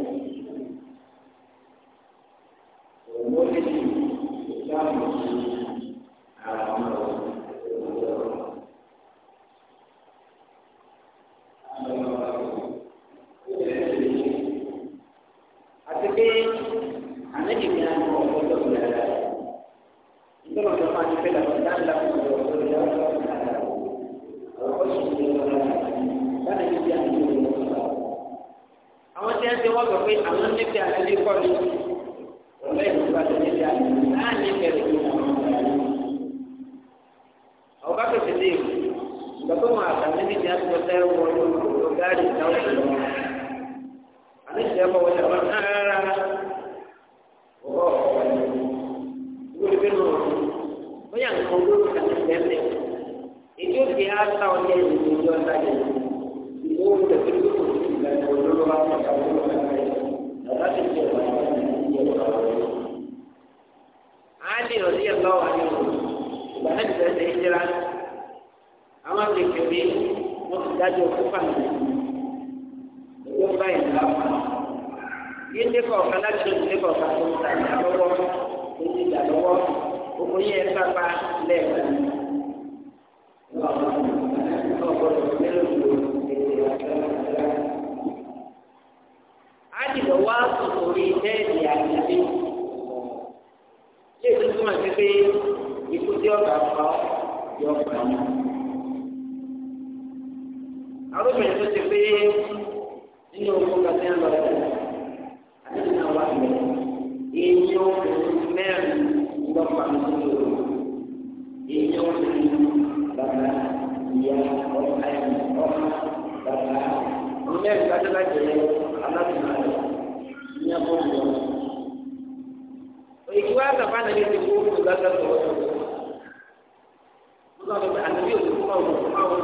wá bàbá nàbí ti kú kó gbàgbà tó wọ́n tó wọ́n lọ́dọ̀ àti bí òkú máa wọ̀ máa wọ̀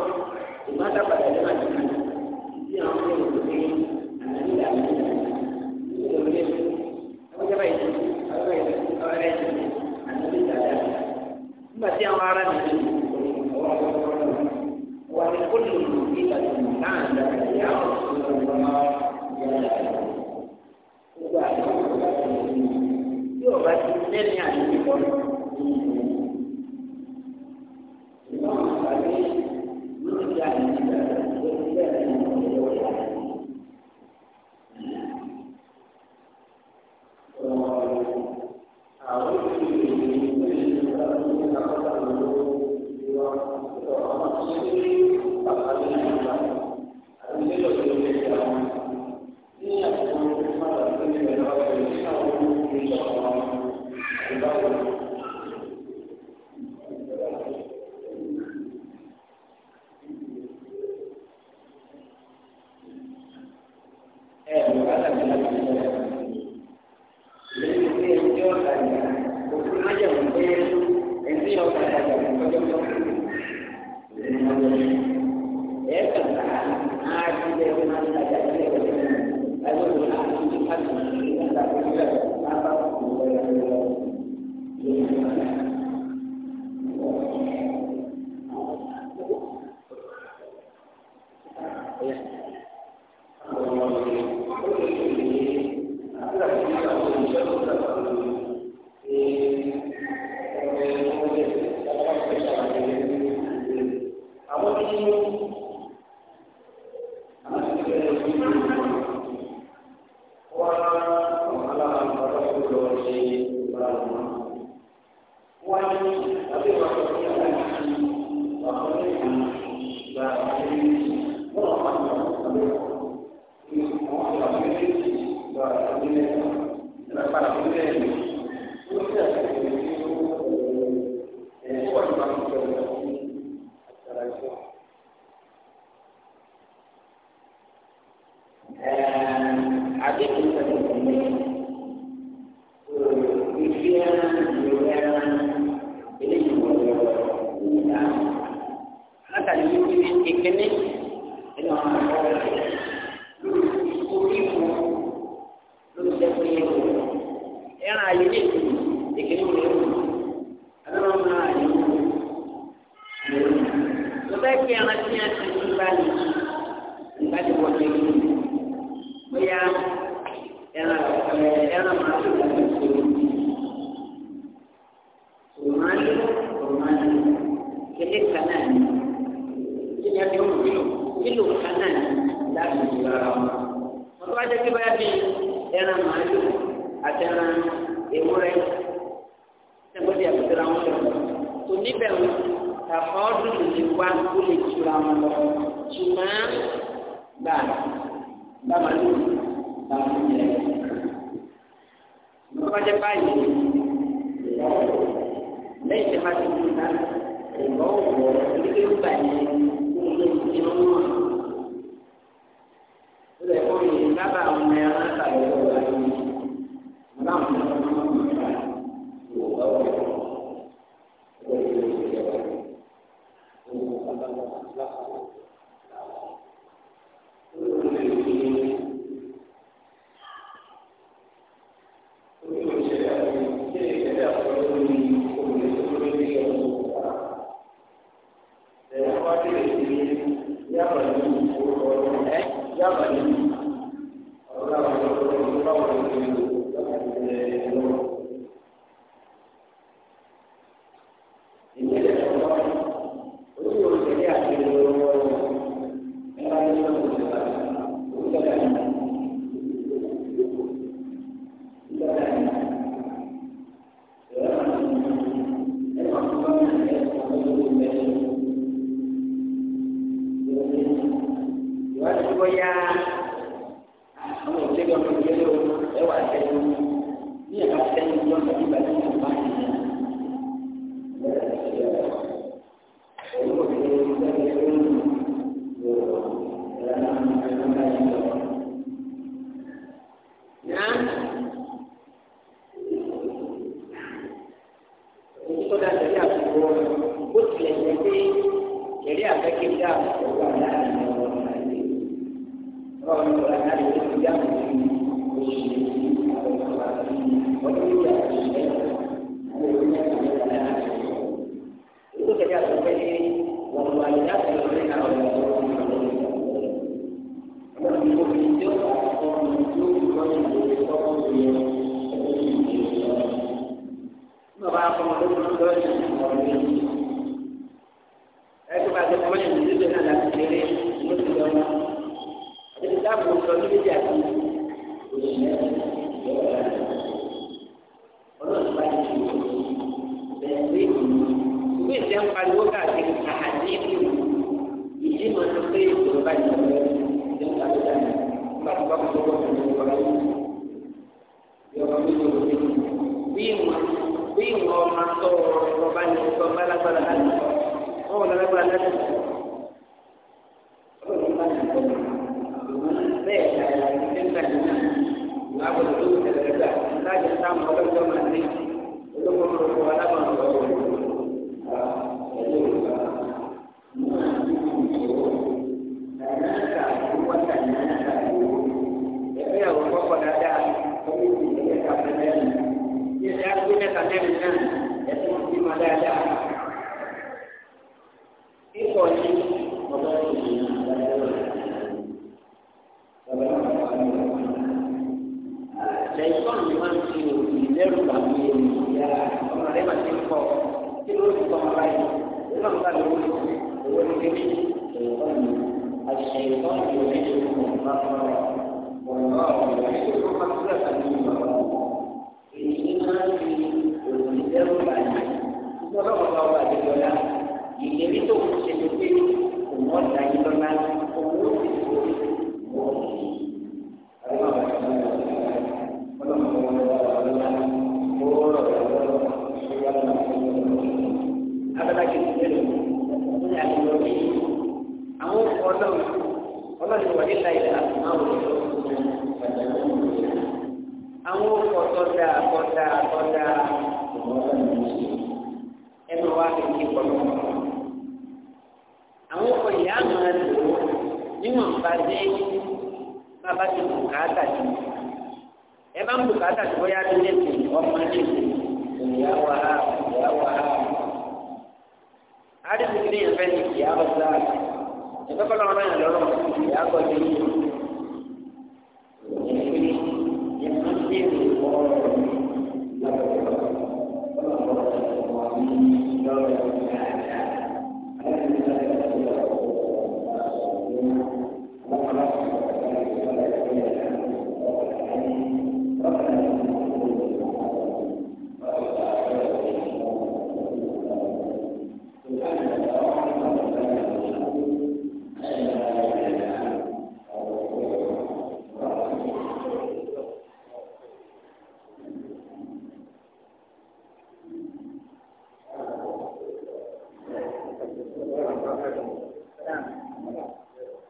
ìgbà dábàá dàbí máa ti kú bí àwọn ọmọ ìlú ní àlàyé àlàyé ìlú ní àwọn ìjọba ìlú àwọn ìlú àwọn ìlú àlàyé ìlú nígbà tí àwọn ará nìyí lẹ́ni àdúgbò àtẹ́rẹ̀ náà ẹ̀sìn ti máa dáadáa. Kíkọ̀ ní ọ̀dọ́ ìlú bàbá náà wà ní ọ̀dọ́. Ṣèyíkọ́ ni wọ́n ti òbí lẹ́rù bàbá èmi ìyá ọmọ rẹ̀ máa ti ń kọ́ kí ló ti kọ́ ọmọ báyìí. Ó náà ń bá lówó owó ní kébí ṣèyíkọ́ ni àṣeyíkọ́ ni òbí lè fún ọmọ bá fún ọ. Ọ̀nà ọ̀rọ̀ ìgbà yìí ló máa ń gbà lọ́wọ́ bá wà lórí ọ̀la ìlérí tó ń ṣe ló pé òun ọ̀la yìí lọ́la òun ó sì kó wọ́ Abadaki ti bẹ̀rẹ̀ ní àgbẹ̀wò yìí. Àwọn ọlọ́run ọlọ́run wà nílá ìlà àwọn olùdókòwò àwọn ọkọ̀ tọ́jà kọjá kọjá ọ̀gbọ́n ọ̀gbọ́n ọ̀gbọ́n ẹnu wa fi kí pọ̀lọ́. àwọn ọkọ̀ ìyá máa lò ó níwọ̀n bá dé bàbá ti bùkátà jù. ẹ bá ń bùkátà tó bóyá tó lẹ́sìn ọmọ lẹ́sìn ìyá wa ìyá wa. àdìsí kìnìyàn fẹ́ ni ìyá ọ̀sán. ìfẹ́ kọ́lọ́ ọ̀rọ̀ yẹn lọ́rọ̀ ìyá kọ́